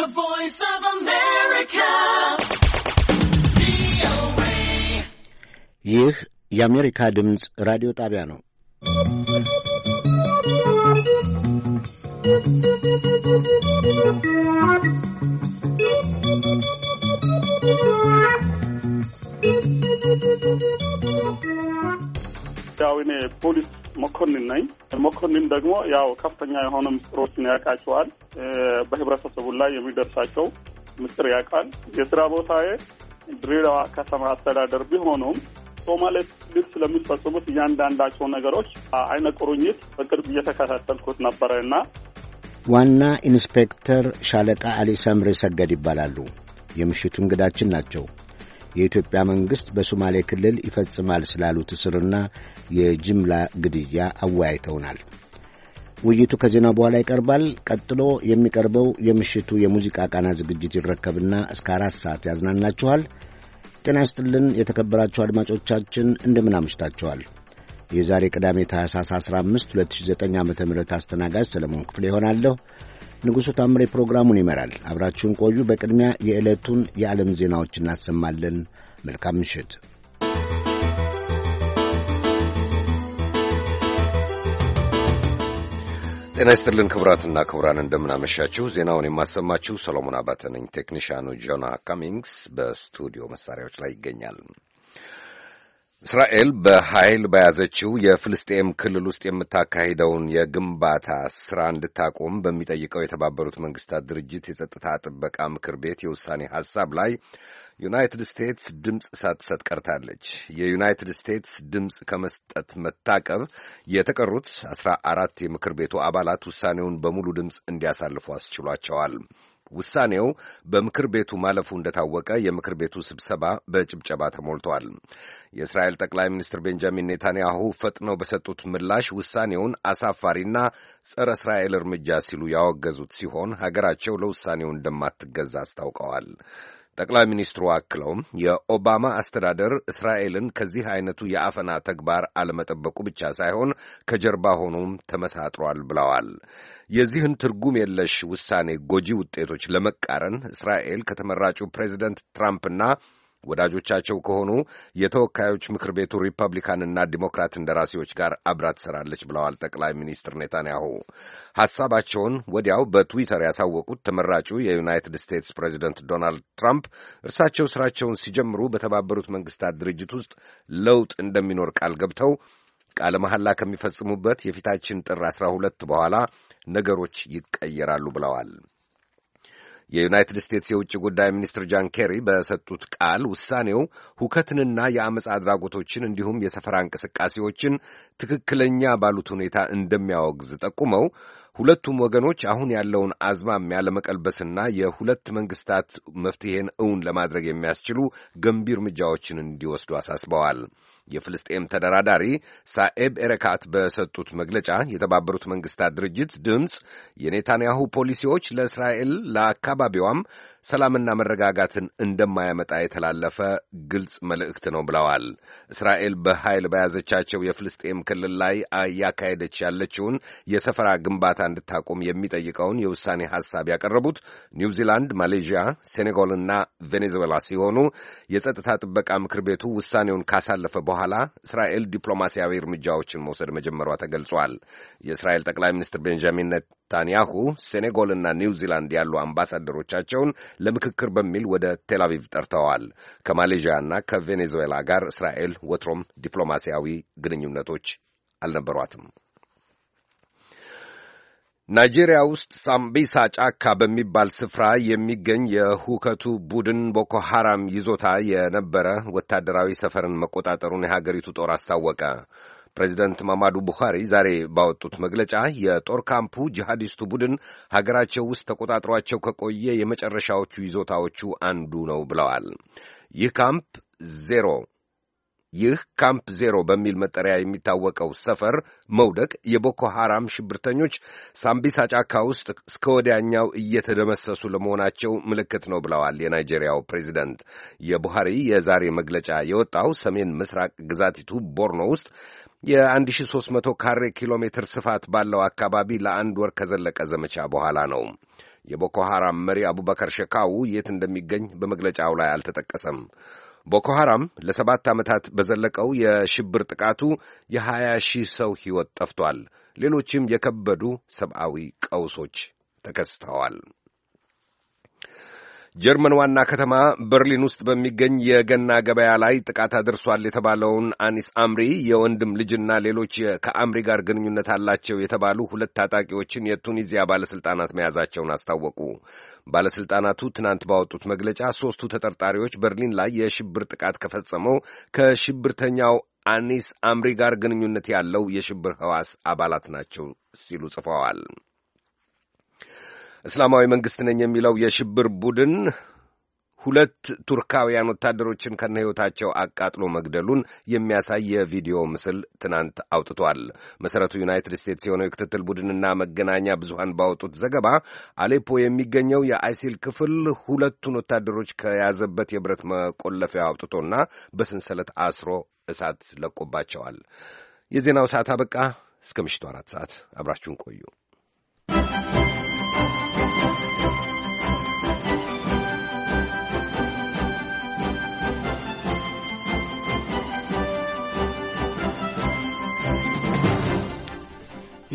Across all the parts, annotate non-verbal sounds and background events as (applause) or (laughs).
The Voice of America. ይህ የአሜሪካ ድምፅ ራዲዮ ጣቢያ ነው። ያው እኔ ፖሊስ መኮንን ነኝ። መኮንን ደግሞ ያው ከፍተኛ የሆነ ምስጢሮችን ያውቃቸዋል። በህብረተሰቡ ላይ የሚደርሳቸው ምስጢር ያውቃል። የስራ ቦታዬ ድሬዳዋ ከተማ አስተዳደር ቢሆኑም ሶማሌ ክልል ስለሚፈጽሙት እያንዳንዳቸው ነገሮች አይነ ቁርኝት በቅርብ እየተከታተልኩት ነበረ እና ዋና ኢንስፔክተር ሻለቃ አሊ ሰምሬ ሰገድ ይባላሉ። የምሽቱ እንግዳችን ናቸው። የኢትዮጵያ መንግሥት በሶማሌ ክልል ይፈጽማል ስላሉት እስርና የጅምላ ግድያ አወያይተውናል። ውይይቱ ከዜናው በኋላ ይቀርባል። ቀጥሎ የሚቀርበው የምሽቱ የሙዚቃ ቃና ዝግጅት ይረከብና እስከ አራት ሰዓት ያዝናናችኋል። ጤና ይስጥልን የተከበራችሁ አድማጮቻችን እንደምን አምሽታችኋል። የዛሬ ቅዳሜ ታህሳስ 15 2009 ዓ ም አስተናጋጅ ሰለሞን ክፍሌ ይሆናለሁ። ንጉሡ ታምሬ ፕሮግራሙን ይመራል። አብራችሁን ቆዩ። በቅድሚያ የዕለቱን የዓለም ዜናዎች እናሰማለን። መልካም ምሽት። ጤና ይስጥልን ክቡራትና ክቡራን፣ እንደምናመሻችሁ። ዜናውን የማሰማችሁ ሰሎሞን አባተ ነኝ። ቴክኒሽያኑ ጆና ካሚንግስ በስቱዲዮ መሳሪያዎች ላይ ይገኛል። እስራኤል በኃይል በያዘችው የፍልስጤም ክልል ውስጥ የምታካሂደውን የግንባታ ስራ እንድታቆም በሚጠይቀው የተባበሩት መንግስታት ድርጅት የጸጥታ ጥበቃ ምክር ቤት የውሳኔ ሐሳብ ላይ ዩናይትድ ስቴትስ ድምፅ ሳትሰጥ ቀርታለች። የዩናይትድ ስቴትስ ድምፅ ከመስጠት መታቀብ የተቀሩት አስራ አራት የምክር ቤቱ አባላት ውሳኔውን በሙሉ ድምፅ እንዲያሳልፉ አስችሏቸዋል። ውሳኔው በምክር ቤቱ ማለፉ እንደታወቀ የምክር ቤቱ ስብሰባ በጭብጨባ ተሞልቷል። የእስራኤል ጠቅላይ ሚኒስትር ቤንጃሚን ኔታንያሁ ፈጥነው በሰጡት ምላሽ ውሳኔውን አሳፋሪና ጸረ እስራኤል እርምጃ ሲሉ ያወገዙት ሲሆን ሀገራቸው ለውሳኔው እንደማትገዛ አስታውቀዋል። ጠቅላይ ሚኒስትሩ አክለውም የኦባማ አስተዳደር እስራኤልን ከዚህ አይነቱ የአፈና ተግባር አለመጠበቁ ብቻ ሳይሆን ከጀርባ ሆኖም ተመሳጥሯል ብለዋል። የዚህን ትርጉም የለሽ ውሳኔ ጎጂ ውጤቶች ለመቃረን እስራኤል ከተመራጩ ፕሬዚደንት ትራምፕና ወዳጆቻቸው ከሆኑ የተወካዮች ምክር ቤቱ ሪፐብሊካንና ዲሞክራት እንደራሴዎች ጋር አብራ ትሰራለች ብለዋል ጠቅላይ ሚኒስትር ኔታንያሁ። ሐሳባቸውን ወዲያው በትዊተር ያሳወቁት ተመራጩ የዩናይትድ ስቴትስ ፕሬዚደንት ዶናልድ ትራምፕ እርሳቸው ስራቸውን ሲጀምሩ በተባበሩት መንግስታት ድርጅት ውስጥ ለውጥ እንደሚኖር ቃል ገብተው ቃለ መሐላ ከሚፈጽሙበት የፊታችን ጥር አስራ ሁለት በኋላ ነገሮች ይቀየራሉ ብለዋል። የዩናይትድ ስቴትስ የውጭ ጉዳይ ሚኒስትር ጃን ኬሪ በሰጡት ቃል ውሳኔው ሁከትንና የአመፅ አድራጎቶችን እንዲሁም የሰፈራ እንቅስቃሴዎችን ትክክለኛ ባሉት ሁኔታ እንደሚያወግዝ ጠቁመው ሁለቱም ወገኖች አሁን ያለውን አዝማሚያ ለመቀልበስና የሁለት መንግስታት መፍትሄን እውን ለማድረግ የሚያስችሉ ገንቢ እርምጃዎችን እንዲወስዱ አሳስበዋል። የፍልስጤም ተደራዳሪ ሳኤብ ኤረካት በሰጡት መግለጫ የተባበሩት መንግስታት ድርጅት ድምፅ የኔታንያሁ ፖሊሲዎች ለእስራኤል ለአካባቢዋም ሰላምና መረጋጋትን እንደማያመጣ የተላለፈ ግልጽ መልእክት ነው ብለዋል። እስራኤል በኃይል በያዘቻቸው የፍልስጤም ክልል ላይ እያካሄደች ያለችውን የሰፈራ ግንባታ እንድታቆም የሚጠይቀውን የውሳኔ ሐሳብ ያቀረቡት ኒውዚላንድ፣ ማሌዥያ፣ ሴኔጋልና ቬኔዙዌላ ሲሆኑ የጸጥታ ጥበቃ ምክር ቤቱ ውሳኔውን ካሳለፈ በኋላ በኋላ እስራኤል ዲፕሎማሲያዊ እርምጃዎችን መውሰድ መጀመሯ ተገልጿል። የእስራኤል ጠቅላይ ሚኒስትር ቤንጃሚን ኔታንያሁ ሴኔጎልና ኒውዚላንድ ያሉ አምባሳደሮቻቸውን ለምክክር በሚል ወደ ቴላቪቭ ጠርተዋል። ከማሌዥያና ከቬኔዙዌላ ጋር እስራኤል ወትሮም ዲፕሎማሲያዊ ግንኙነቶች አልነበሯትም። ናይጄሪያ ውስጥ ሳምቢሳ ጫካ በሚባል ስፍራ የሚገኝ የሁከቱ ቡድን ቦኮ ሐራም ይዞታ የነበረ ወታደራዊ ሰፈርን መቆጣጠሩን የሀገሪቱ ጦር አስታወቀ። ፕሬዚደንት ማማዱ ቡኻሪ ዛሬ ባወጡት መግለጫ የጦር ካምፑ ጂሃዲስቱ ቡድን ሀገራቸው ውስጥ ተቆጣጥሯቸው ከቆየ የመጨረሻዎቹ ይዞታዎቹ አንዱ ነው ብለዋል። ይህ ካምፕ ዜሮ ይህ ካምፕ ዜሮ በሚል መጠሪያ የሚታወቀው ሰፈር መውደቅ የቦኮ ሐራም ሽብርተኞች ሳምቢሳ ጫካ ውስጥ እስከ ወዲያኛው እየተደመሰሱ ለመሆናቸው ምልክት ነው ብለዋል የናይጄሪያው ፕሬዚደንት። የቡሃሪ የዛሬ መግለጫ የወጣው ሰሜን ምስራቅ ግዛቲቱ ቦርኖ ውስጥ የ1300 ካሬ ኪሎ ሜትር ስፋት ባለው አካባቢ ለአንድ ወር ከዘለቀ ዘመቻ በኋላ ነው። የቦኮ ሐራም መሪ አቡበከር ሸካው የት እንደሚገኝ በመግለጫው ላይ አልተጠቀሰም። ቦኮ ሐራም ለሰባት ዓመታት በዘለቀው የሽብር ጥቃቱ የሀያ ሺህ ሰው ሕይወት ጠፍቷል። ሌሎችም የከበዱ ሰብአዊ ቀውሶች ተከስተዋል። ጀርመን ዋና ከተማ በርሊን ውስጥ በሚገኝ የገና ገበያ ላይ ጥቃት አድርሷል የተባለውን አኒስ አምሪ የወንድም ልጅና ሌሎች ከአምሪ ጋር ግንኙነት አላቸው የተባሉ ሁለት ታጣቂዎችን የቱኒዚያ ባለሥልጣናት መያዛቸውን አስታወቁ። ባለሥልጣናቱ ትናንት ባወጡት መግለጫ ሦስቱ ተጠርጣሪዎች በርሊን ላይ የሽብር ጥቃት ከፈጸመው ከሽብርተኛው አኒስ አምሪ ጋር ግንኙነት ያለው የሽብር ሕዋስ አባላት ናቸው ሲሉ ጽፈዋል። እስላማዊ መንግሥት ነኝ የሚለው የሽብር ቡድን ሁለት ቱርካውያን ወታደሮችን ከነ ሕይወታቸው አቃጥሎ መግደሉን የሚያሳይ የቪዲዮ ምስል ትናንት አውጥቷል። መሠረቱ ዩናይትድ ስቴትስ የሆነው የክትትል ቡድንና መገናኛ ብዙሃን ባወጡት ዘገባ አሌፖ የሚገኘው የአይሲል ክፍል ሁለቱን ወታደሮች ከያዘበት የብረት መቆለፊያ አውጥቶና በሰንሰለት አስሮ እሳት ለቆባቸዋል። የዜናው ሰዓት አበቃ። እስከ ምሽቱ አራት ሰዓት አብራችሁን ቆዩ።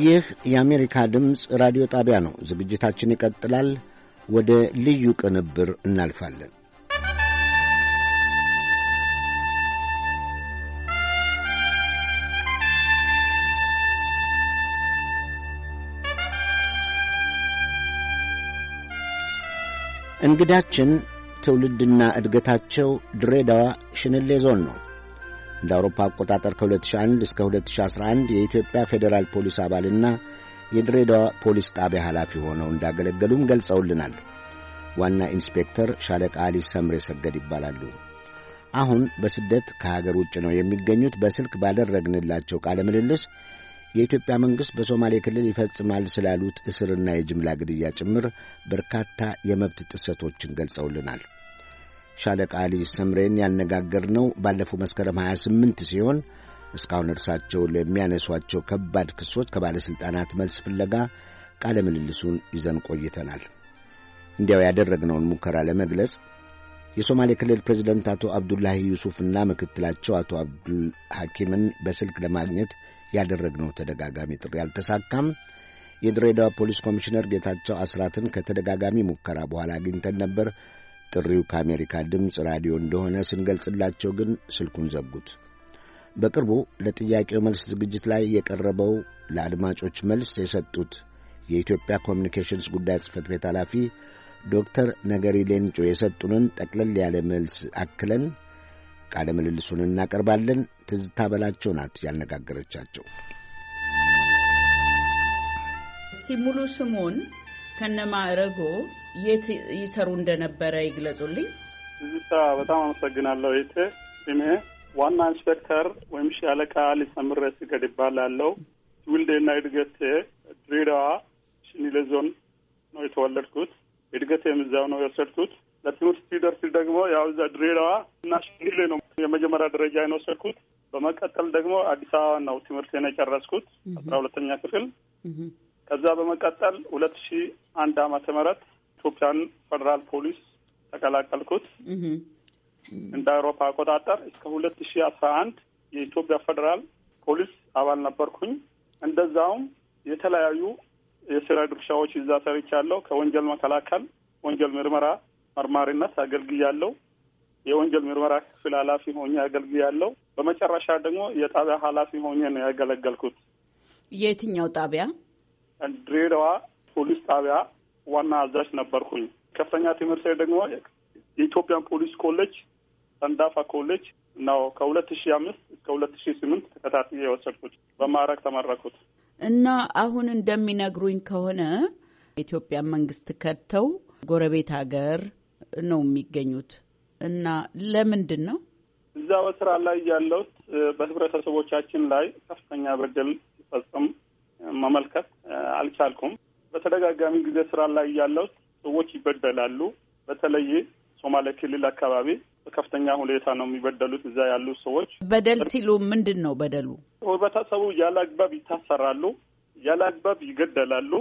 ይህ የአሜሪካ ድምፅ ራዲዮ ጣቢያ ነው። ዝግጅታችን ይቀጥላል። ወደ ልዩ ቅንብር እናልፋለን። እንግዳችን ትውልድና እድገታቸው ድሬዳዋ ሽንሌ ዞን ነው። እንደ አውሮፓ አቆጣጠር ከ2001 እስከ 2011 የኢትዮጵያ ፌዴራል ፖሊስ አባልና የድሬዳዋ ፖሊስ ጣቢያ ኃላፊ ሆነው እንዳገለገሉም ገልጸውልናል። ዋና ኢንስፔክተር ሻለቃ አሊ ሰምሬ ሰገድ ይባላሉ። አሁን በስደት ከሀገር ውጭ ነው የሚገኙት። በስልክ ባደረግንላቸው ቃለ ምልልስ የኢትዮጵያ መንግሥት በሶማሌ ክልል ይፈጽማል ስላሉት እስርና የጅምላ ግድያ ጭምር በርካታ የመብት ጥሰቶችን ገልጸውልናል። ሻለቃ አሊ ሰምሬን ያነጋገርነው ባለፈው መስከረም 28 ሲሆን እስካሁን እርሳቸው ለሚያነሷቸው ከባድ ክሶች ከባለሥልጣናት መልስ ፍለጋ ቃለ ምልልሱን ይዘን ቆይተናል። እንዲያው ያደረግነውን ሙከራ ለመግለጽ የሶማሌ ክልል ፕሬዚደንት አቶ አብዱላሂ ዩሱፍና ምክትላቸው አቶ አብዱል ሐኪምን በስልክ ለማግኘት ያደረግነው ተደጋጋሚ ጥሪ አልተሳካም። የድሬዳዋ ፖሊስ ኮሚሽነር ጌታቸው አስራትን ከተደጋጋሚ ሙከራ በኋላ አግኝተን ነበር። ጥሪው ከአሜሪካ ድምፅ ራዲዮ እንደሆነ ስንገልጽላቸው ግን ስልኩን ዘጉት። በቅርቡ ለጥያቄው መልስ ዝግጅት ላይ የቀረበው ለአድማጮች መልስ የሰጡት የኢትዮጵያ ኮሚኒኬሽንስ ጉዳይ ጽህፈት ቤት ኃላፊ ዶክተር ነገሪ ሌንጮ የሰጡንን ጠቅለል ያለ መልስ አክለን ቃለ ምልልሱን እናቀርባለን። ትዝታ በላቸው ናት ያነጋገረቻቸው። እስቲ ሙሉ ስሙን ከነማዕረጎ የት ይሰሩ እንደነበረ ይግለጹልኝ። እዚህ ስራ በጣም አመሰግናለሁ። ይት ስሜ ዋና ኢንስፔክተር ወይም ሻለቃ ሊሰምረ ስገድ ይባላለው። ትውልዴና እድገቴ ድሬዳዋ ሽኒለ ዞን ነው የተወለድኩት። እድገቴም እዚያው ነው የወሰድኩት። ለትምህርት ሲደርስ ደግሞ ያው እዛ ድሬዳዋ እና ሽኒሌ ነው የመጀመሪያ ደረጃ የወሰድኩት። በመቀጠል ደግሞ አዲስ አበባ ነው ትምህርቴን የጨረስኩት አስራ ሁለተኛ ክፍል። ከዛ በመቀጠል ሁለት ሺ አንድ አመተ ምህረት ኢትዮጵያን ፌዴራል ፖሊስ ተቀላቀልኩት። እንደ አውሮፓ አቆጣጠር እስከ ሁለት ሺ አስራ አንድ የኢትዮጵያ ፌዴራል ፖሊስ አባል ነበርኩኝ። እንደዛውም የተለያዩ የስራ ድርሻዎች ይዛ ሰርቻለሁ። ከወንጀል መከላከል ወንጀል ምርመራ መርማሪነት አገልግያለሁ። የወንጀል ምርመራ ክፍል ኃላፊ ሆኜ አገልግያለሁ። በመጨረሻ ደግሞ የጣቢያ ኃላፊ ሆኜ ነው ያገለገልኩት። የትኛው ጣቢያ? ድሬዳዋ ፖሊስ ጣቢያ ዋና አዛዥ ነበርኩኝ። ከፍተኛ ትምህርት ደግሞ የኢትዮጵያ ፖሊስ ኮሌጅ ሰንዳፋ ኮሌጅ ነው። ከሁለት ሺ አምስት እስከ ሁለት ሺ ስምንት ተከታትዬ የወሰድኩት በማዕረግ ተመረኩት እና አሁን እንደሚነግሩኝ ከሆነ የኢትዮጵያ መንግስት ከተው ጎረቤት ሀገር ነው የሚገኙት እና ለምንድን ነው እዛ በስራ ላይ ያለሁት? በህብረተሰቦቻችን ላይ ከፍተኛ በደል ሲፈጽም መመልከት አልቻልኩም። በተደጋጋሚ ጊዜ ስራ ላይ ያለው ሰዎች ይበደላሉ። በተለይ ሶማሌ ክልል አካባቢ በከፍተኛ ሁኔታ ነው የሚበደሉት። እዛ ያሉ ሰዎች በደል ሲሉ ምንድን ነው በደሉ? ህብረተሰቡ ያለ አግባብ ይታሰራሉ፣ ያለ አግባብ ይገደላሉ፣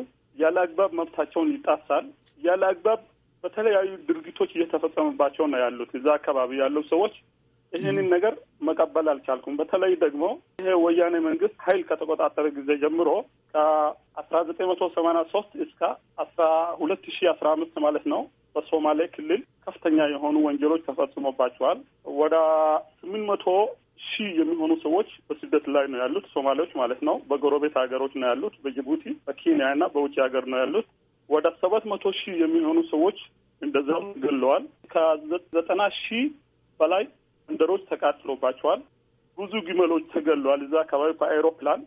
ያለ አግባብ መብታቸውን ይጣሳል፣ ያለ አግባብ በተለያዩ ድርጊቶች እየተፈጸመባቸው ነው ያሉት እዛ አካባቢ ያሉ ሰዎች ይህንን ነገር መቀበል አልቻልኩም። በተለይ ደግሞ ይሄ ወያኔ መንግስት ኃይል ከተቆጣጠረ ጊዜ ጀምሮ ከአስራ ዘጠኝ መቶ ሰማንያ ሶስት እስከ አስራ ሁለት ሺ አስራ አምስት ማለት ነው በሶማሌ ክልል ከፍተኛ የሆኑ ወንጀሎች ተፈጽሞባቸዋል። ወደ ስምንት መቶ ሺህ የሚሆኑ ሰዎች በስደት ላይ ነው ያሉት፣ ሶማሌዎች ማለት ነው። በጎረቤት ሀገሮች ነው ያሉት፣ በጅቡቲ በኬንያ እና በውጭ ሀገር ነው ያሉት። ወደ ሰባት መቶ ሺህ የሚሆኑ ሰዎች እንደዛው ገለዋል። ከዘጠና ሺህ በላይ መንደሮች ተቃጥሎባቸዋል። ብዙ ግመሎች ተገሏል። እዛ አካባቢ በአይሮፕላን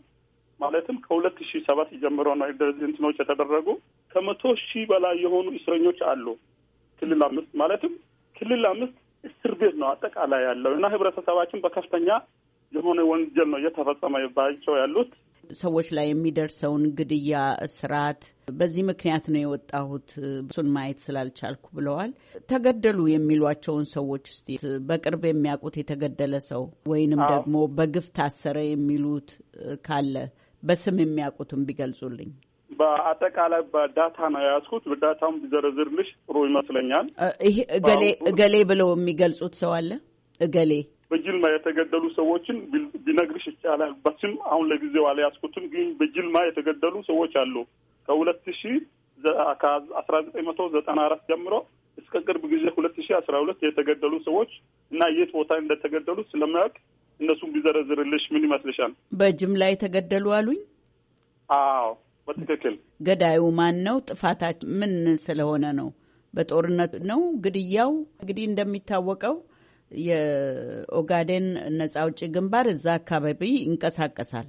ማለትም ከሁለት ሺህ ሰባት ጀምሮ ነው እንትኖች የተደረጉ ከመቶ ሺህ በላይ የሆኑ እስረኞች አሉ። ክልል አምስት ማለትም ክልል አምስት እስር ቤት ነው አጠቃላይ ያለው እና ህብረተሰባችን በከፍተኛ የሆነ ወንጀል ነው እየተፈጸመባቸው ያሉት። ሰዎች ላይ የሚደርሰውን ግድያ፣ እስራት በዚህ ምክንያት ነው የወጣሁት እሱን ማየት ስላልቻልኩ ብለዋል። ተገደሉ የሚሏቸውን ሰዎች እስቲ በቅርብ የሚያውቁት የተገደለ ሰው ወይንም ደግሞ በግፍ ታሰረ የሚሉት ካለ በስም የሚያውቁትም ቢገልጹልኝ። በአጠቃላይ በዳታ ነው የያዝኩት። በዳታውን ቢዘረዝርልሽ ጥሩ ይመስለኛል። ይሄ እገሌ እገሌ ብለው የሚገልጹት ሰው አለ እገሌ በጅልማ የተገደሉ ሰዎችን ቢነግርሽ ይቻላል። በስም አሁን ለጊዜው አልያዝኩትም፣ ግን በጅልማ የተገደሉ ሰዎች አሉ ከሁለት ሺ ከአስራ ዘጠኝ መቶ ዘጠና አራት ጀምሮ እስከ ቅርብ ጊዜ ሁለት ሺ አስራ ሁለት የተገደሉ ሰዎች እና የት ቦታ እንደተገደሉ ስለማያውቅ እነሱን ቢዘረዝርልሽ ምን ይመስልሻል? በጅምላ የተገደሉ አሉኝ። አዎ በትክክል ገዳዩ ማን ነው? ጥፋታችን ምን ስለሆነ ነው? በጦርነት ነው ግድያው? እንግዲህ እንደሚታወቀው የኦጋዴን ነጻ አውጪ ግንባር እዛ አካባቢ ይንቀሳቀሳል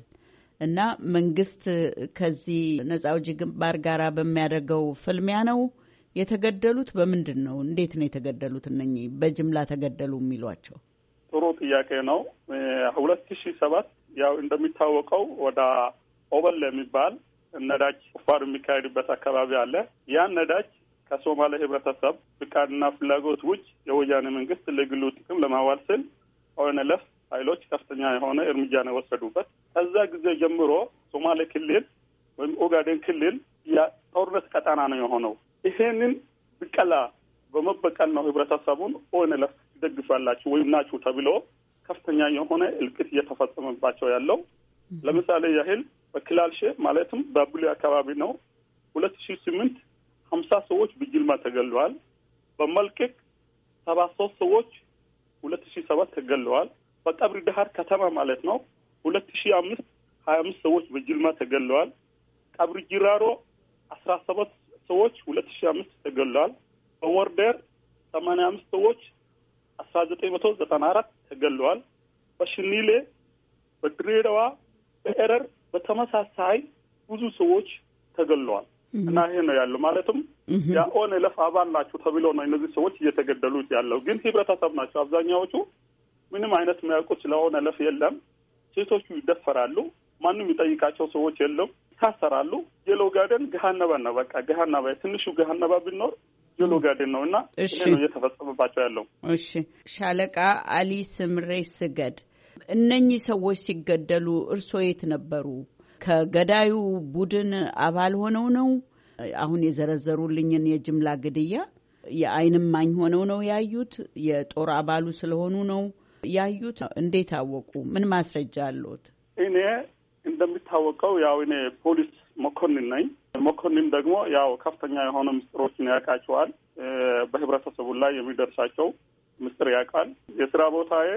እና መንግስት ከዚህ ነጻ አውጪ ግንባር ጋር በሚያደርገው ፍልሚያ ነው የተገደሉት። በምንድን ነው? እንዴት ነው የተገደሉት? እነኚህ በጅምላ ተገደሉ የሚሏቸው ጥሩ ጥያቄ ነው። ሁለት ሺ ሰባት ያው እንደሚታወቀው ወደ ኦበል የሚባል ነዳጅ ቁፋሮ የሚካሄድበት አካባቢ አለ። ያን ነዳጅ ከሶማሌ ህብረተሰብ ፍቃድና ፍላጎት ውጭ የወያኔ መንግስት ለግሉ ጥቅም ለማዋል ስል ኦንለፍ ኃይሎች ከፍተኛ የሆነ እርምጃ ነው የወሰዱበት። ከዛ ጊዜ ጀምሮ ሶማሌ ክልል ወይም ኦጋዴን ክልል የጦርነት ቀጠና ነው የሆነው። ይሄንን ብቀላ በመበቀል ነው ህብረተሰቡን ኦንለፍ ትደግፋላችሁ ወይም ናችሁ ተብሎ ከፍተኛ የሆነ እልቅት እየተፈጸመባቸው ያለው ለምሳሌ ያህል በክላልሼ ማለትም በቡሌ አካባቢ ነው ሁለት ሺህ ስምንት ሀምሳ ሰዎች በጅምላ ተገለዋል። በመልቀቅ ሰባ ሶስት ሰዎች ሁለት ሺ ሰባት ተገለዋል። በቀብሪ ዳሀር ከተማ ማለት ነው ሁለት ሺ አምስት ሀያ አምስት ሰዎች በጅልማ ተገለዋል። ቀብሪ ጅራሮ አስራ ሰባት ሰዎች ሁለት ሺ አምስት ተገለዋል። በወርደር ሰማንያ አምስት ሰዎች አስራ ዘጠኝ መቶ ዘጠና አራት ተገለዋል። በሽኒሌ በድሬዳዋ በኤረር በተመሳሳይ ብዙ ሰዎች ተገለዋል። እና ይሄ ነው ያለው። ማለትም የኦኔለፍ አባል ናቸው ተብሎ ነው እነዚህ ሰዎች እየተገደሉት ያለው። ግን ህብረተሰብ ናቸው አብዛኛዎቹ። ምንም አይነት የሚያውቁት ስለ ለፍ የለም። ሴቶቹ ይደፈራሉ። ማንም ይጠይቃቸው ሰዎች የለም። ይታሰራሉ። የሎ ጋደን ገሀነባ ነው። በቃ ገሀነባ ትንሹ ገሀነባ ቢኖር የሎ ጋደን ነው እና ይሄ ነው እየተፈጸመባቸው ያለው። እሺ ሻለቃ አሊ ስምሬ ስገድ፣ እነኚህ ሰዎች ሲገደሉ እርስዎ የት ነበሩ? ከገዳዩ ቡድን አባል ሆነው ነው አሁን የዘረዘሩልኝን የጅምላ ግድያ የዓይን እማኝ ሆነው ነው ያዩት? የጦር አባሉ ስለሆኑ ነው ያዩት? እንዴት አወቁ? ምን ማስረጃ አለዎት? እኔ እንደሚታወቀው ያው እኔ ፖሊስ መኮንን ነኝ። መኮንን ደግሞ ያው ከፍተኛ የሆነ ምስጢሮችን ያውቃቸዋል። በህብረተሰቡ ላይ የሚደርሳቸው ምስጢር ያውቃል። የስራ ቦታዬ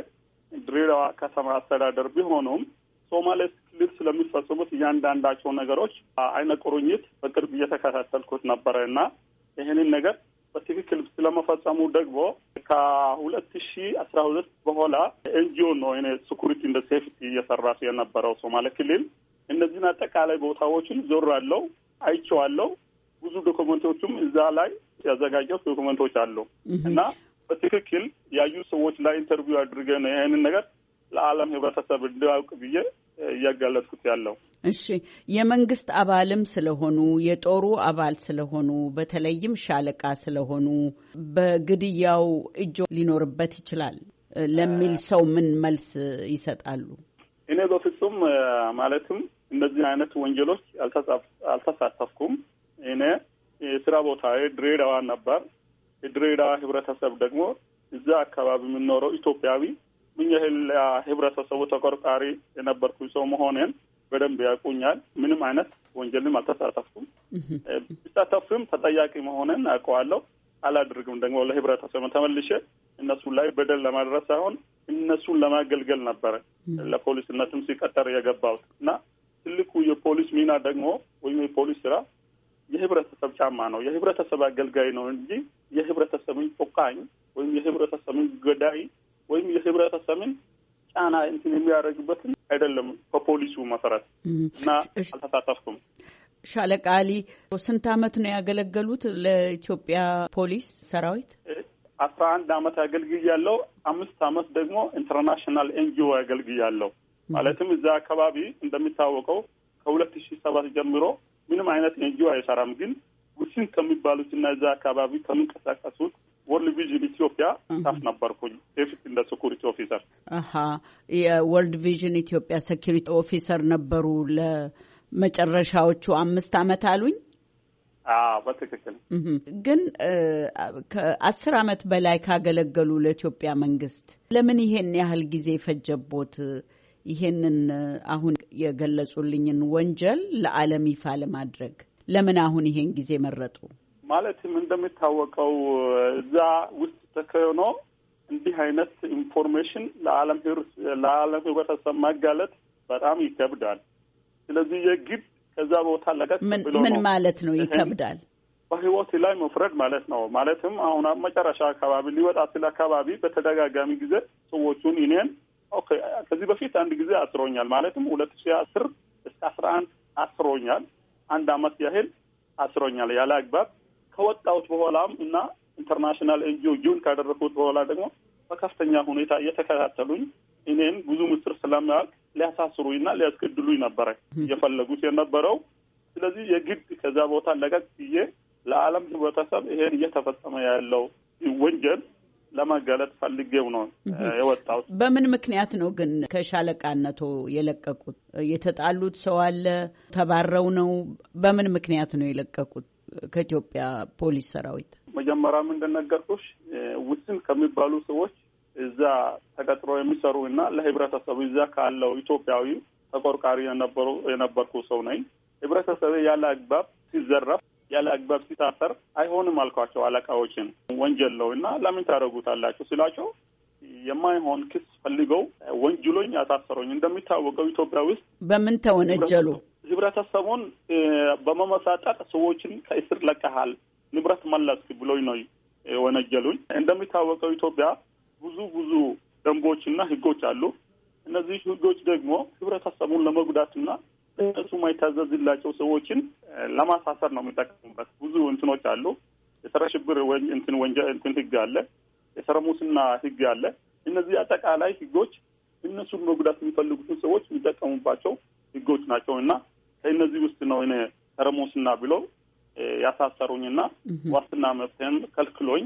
ድሬዳዋ ከተማ አስተዳደር ቢሆኑም ሶማሌ ክልል ስለሚፈጽሙት እያንዳንዳቸው ነገሮች አይነ ቁርኝት በቅርብ እየተከታተልኩት ነበረ እና ይህንን ነገር በትክክል ስለመፈጸሙ ደግሞ ከሁለት ሺ አስራ ሁለት በኋላ ኤንጂኦ ነው ይ ሴኩሪቲ እንደ ሴፍቲ እየሰራ የነበረው ሶማሌ ክልል እነዚህን አጠቃላይ ቦታዎችን ዞር አለው አይቼዋለሁ። ብዙ ዶኩመንቶቹም እዛ ላይ ያዘጋጀው ዶኩመንቶች አሉ እና በትክክል ያዩ ሰዎች ላይ ኢንተርቪው አድርገን ይህንን ነገር ለዓለም ህብረተሰብ እንዲያውቅ ብዬ እያጋለጥኩት ያለው። እሺ የመንግስት አባልም ስለሆኑ የጦሩ አባል ስለሆኑ በተለይም ሻለቃ ስለሆኑ በግድያው እጆ ሊኖርበት ይችላል ለሚል ሰው ምን መልስ ይሰጣሉ? እኔ በፍጹም ማለትም እንደዚህ አይነት ወንጀሎች አልተሳተፍኩም። እኔ የስራ ቦታ ድሬዳዋ ነበር። የድሬዳዋ ህብረተሰብ ደግሞ እዛ አካባቢ የምኖረው ኢትዮጵያዊ ምን ያህል ህብረተሰቡ ተቆርቋሪ የነበርኩኝ ሰው መሆኔን በደንብ ያውቁኛል። ምንም አይነት ወንጀልም አልተሳተፍኩም። ቢሳተፍም ተጠያቂ መሆንን አውቀዋለሁ። አላደርግም ደግሞ ለህብረተሰብ ተመልሼ እነሱ ላይ በደል ለማድረስ ሳይሆን እነሱን ለማገልገል ነበረ ለፖሊስነትም ሲቀጠር የገባሁት እና ትልቁ የፖሊስ ሚና ደግሞ ወይም የፖሊስ ስራ የህብረተሰብ ጫማ ነው። የህብረተሰብ አገልጋይ ነው እንጂ የህብረተሰብን ጨካኝ ወይም የህብረተሰብን ገዳይ ወይም የህብረተሰብን ጫና እንትን የሚያደርግበትን አይደለም በፖሊሱ መሰረት እና አልተሳተፍኩም። ሻለቃ አሊ ስንት አመት ነው ያገለገሉት ለኢትዮጵያ ፖሊስ ሰራዊት? አስራ አንድ አመት አገልግያለሁ። አምስት አመት ደግሞ ኢንተርናሽናል ኤንጂኦ አገልግያለሁ። ማለትም እዛ አካባቢ እንደሚታወቀው ከሁለት ሺ ሰባት ጀምሮ ምንም አይነት ኤንጂኦ አይሰራም። ግን ውስን ከሚባሉት እና እዛ አካባቢ ከሚንቀሳቀሱት ወርልድ ቪዥን ኢትዮጵያ ስታፍ ነበርኩኝ በፊት እንደ ሴኩሪቲ ኦፊሰር። አሀ የወርልድ ቪዥን ኢትዮጵያ ሴኩሪቲ ኦፊሰር ነበሩ ለመጨረሻዎቹ አምስት አመት አሉኝ። በትክክል ግን ከአስር አመት በላይ ካገለገሉ ለኢትዮጵያ መንግስት ለምን ይሄን ያህል ጊዜ ፈጀቦት ይሄንን አሁን የገለጹልኝን ወንጀል ለዓለም ይፋ ለማድረግ ለምን አሁን ይሄን ጊዜ መረጡ? ማለትም እንደሚታወቀው እዛ ውስጥ ተከኖ እንዲህ አይነት ኢንፎርሜሽን ለዓለም ለዓለም ህብረተሰብ ማጋለጥ በጣም ይከብዳል። ስለዚህ የግድ ከዛ ቦታ ለቀቅ ብሎ ምን ማለት ነው ይከብዳል? በህይወት ላይ መፍረድ ማለት ነው። ማለትም አሁን መጨረሻ አካባቢ ሊወጣ ስለ አካባቢ በተደጋጋሚ ጊዜ ሰዎቹን እኔን ከዚህ በፊት አንድ ጊዜ አስሮኛል። ማለትም ሁለት ሺ አስር እስከ አስራ አንድ አስሮኛል። አንድ አመት ያህል አስሮኛል ያለ አግባብ ከወጣሁት በኋላም እና ኢንተርናሽናል ኤንጂኦ ጆን ካደረኩት በኋላ ደግሞ በከፍተኛ ሁኔታ እየተከታተሉኝ እኔም ብዙ ምስር ስለማያውቅ ሊያሳስሩኝና ሊያስገድሉኝ ነበረ እየፈለጉት የነበረው። ስለዚህ የግድ ከዛ ቦታ ለቀቅ ብዬ ለዓለም ህብረተሰብ ይሄን እየተፈጸመ ያለው ወንጀል ለማጋለጥ ፈልጌው ነው የወጣሁት። በምን ምክንያት ነው ግን ከሻለቃነቶ የለቀቁት? የተጣሉት ሰው አለ? ተባረው ነው? በምን ምክንያት ነው የለቀቁት? ከኢትዮጵያ ፖሊስ ሰራዊት? መጀመሪያም እንደነገርኩሽ ውስን ከሚባሉ ሰዎች እዛ ተቀጥሮ የሚሰሩ እና ለህብረተሰቡ እዛ ካለው ኢትዮጵያዊ ተቆርቋሪ የነበሩ የነበርኩ ሰው ነኝ። ህብረተሰብ ያለ አግባብ ሲዘረፍ ያለ አግባብ ሲታሰር አይሆንም አልኳቸው። አለቃዎችን ወንጀል ነው እና ለምን ታደረጉታላቸው ሲላቸው? የማይሆን ክስ ፈልገው ወንጅሎኝ ያሳሰሩኝ። እንደሚታወቀው ኢትዮጵያ ውስጥ በምን ተወነጀሉ? ህብረተሰቡን በመመሳጠር ሰዎችን ከእስር ለቀሃል፣ ንብረት መለስክ ብሎኝ ነው ወነጀሉኝ። እንደሚታወቀው ኢትዮጵያ ብዙ ብዙ ደንቦችና ህጎች አሉ። እነዚህ ህጎች ደግሞ ህብረተሰቡን ለመጉዳትና እነሱ ማይታዘዝላቸው ሰዎችን ለማሳሰር ነው የሚጠቀሙበት። ብዙ እንትኖች አሉ። የሰረ ሽብር እንትን ወንጀል እንትን ህግ አለ። የጸረ ሙስና ህግ አለ። እነዚህ አጠቃላይ ህጎች እነሱን መጉዳት የሚፈልጉትን ሰዎች የሚጠቀሙባቸው ህጎች ናቸው እና ከእነዚህ ውስጥ ነው እኔ ጸረ ሙስና ብሎ ያሳሰሩኝና ዋስትና መብትህም ከልክሎኝ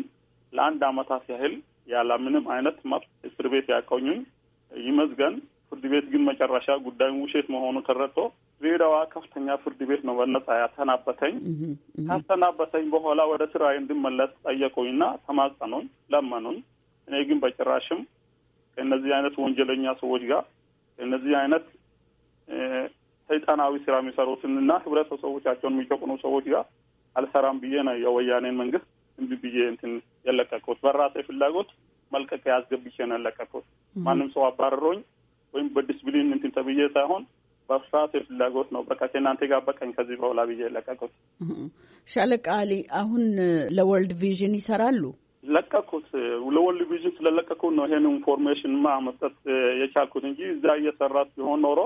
ለአንድ አመታት ያህል ያለ ምንም አይነት መብት እስር ቤት ያቀኙኝ ይመዝገን ፍርድ ቤት ግን መጨረሻ ጉዳዩን ውሸት መሆኑ ተረድቶ ድሬዳዋ ከፍተኛ ፍርድ ቤት ነው መለስ ያሰናበተኝ። ካሰናበተኝ በኋላ ወደ ስራዬ እንድመለስ ጠየቁኝና ተማጸኑኝ፣ ለመኑኝ። እኔ ግን በጭራሽም ከእነዚህ አይነት ወንጀለኛ ሰዎች ጋር ከእነዚህ አይነት ሰይጣናዊ ስራ ህብረተሰብ ሰዎቻቸውን የሚጨቁኑ ሰዎች ጋር አልሰራም ብዬ ነው የወያኔን መንግስት እንቢ ብዬ እንትን የለቀቁት። በራሴ ፍላጎት መልቀቅ ያስገብቼ ነው የለቀቁት። ማንም ሰው አባረሮኝ ወይም በዲስፕሊን እንትን ተብዬ ሳይሆን በስፋት የፍላጎት ነው። በቃ ከእናንተ ጋር በቀኝ ከዚህ በኋላ ብዬ ለቀቁት። ሻለቃ አሊ አሁን ለወርልድ ቪዥን ይሰራሉ። ለቀኩት። ለወርልድ ቪዥን ስለለቀኩት ነው ይሄን ኢንፎርሜሽን ማ መስጠት የቻልኩት እንጂ እዛ እየሰራ ሲሆን ኖሮ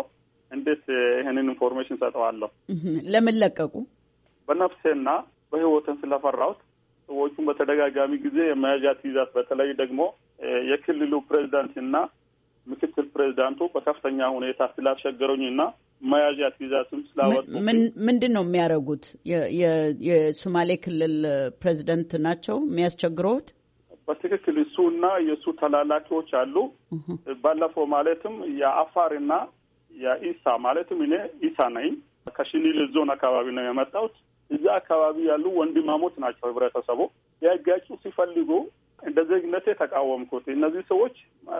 እንዴት ይህንን ኢንፎርሜሽን ሰጠዋለሁ? ለምን ለቀቁ? በነፍሴና በህይወትን ስለፈራሁት ሰዎቹን በተደጋጋሚ ጊዜ የመያዣ ትይዛት በተለይ ደግሞ የክልሉ ፕሬዚዳንትና ምክትል ፕሬዚዳንቱ በከፍተኛ ሁኔታ ስላስቸገሩኝ እና መያዣ ትእዛዝም ስላወጡ ምንድን ነው የሚያደርጉት? የሶማሌ ክልል ፕሬዚደንት ናቸው የሚያስቸግረውት። በትክክል እሱ እና የእሱ ተላላኪዎች አሉ። ባለፈው ማለትም የአፋርና የኢሳ ማለትም እኔ ኢሳ ነኝ ከሽኒል ዞን አካባቢ ነው የመጣሁት። እዛ አካባቢ ያሉ ወንድማሞች ናቸው ህብረተሰቡ ሊያጋጩ ሲፈልጉ እንደ ዜግነት ተቃወምኩት። እነዚህ ሰዎች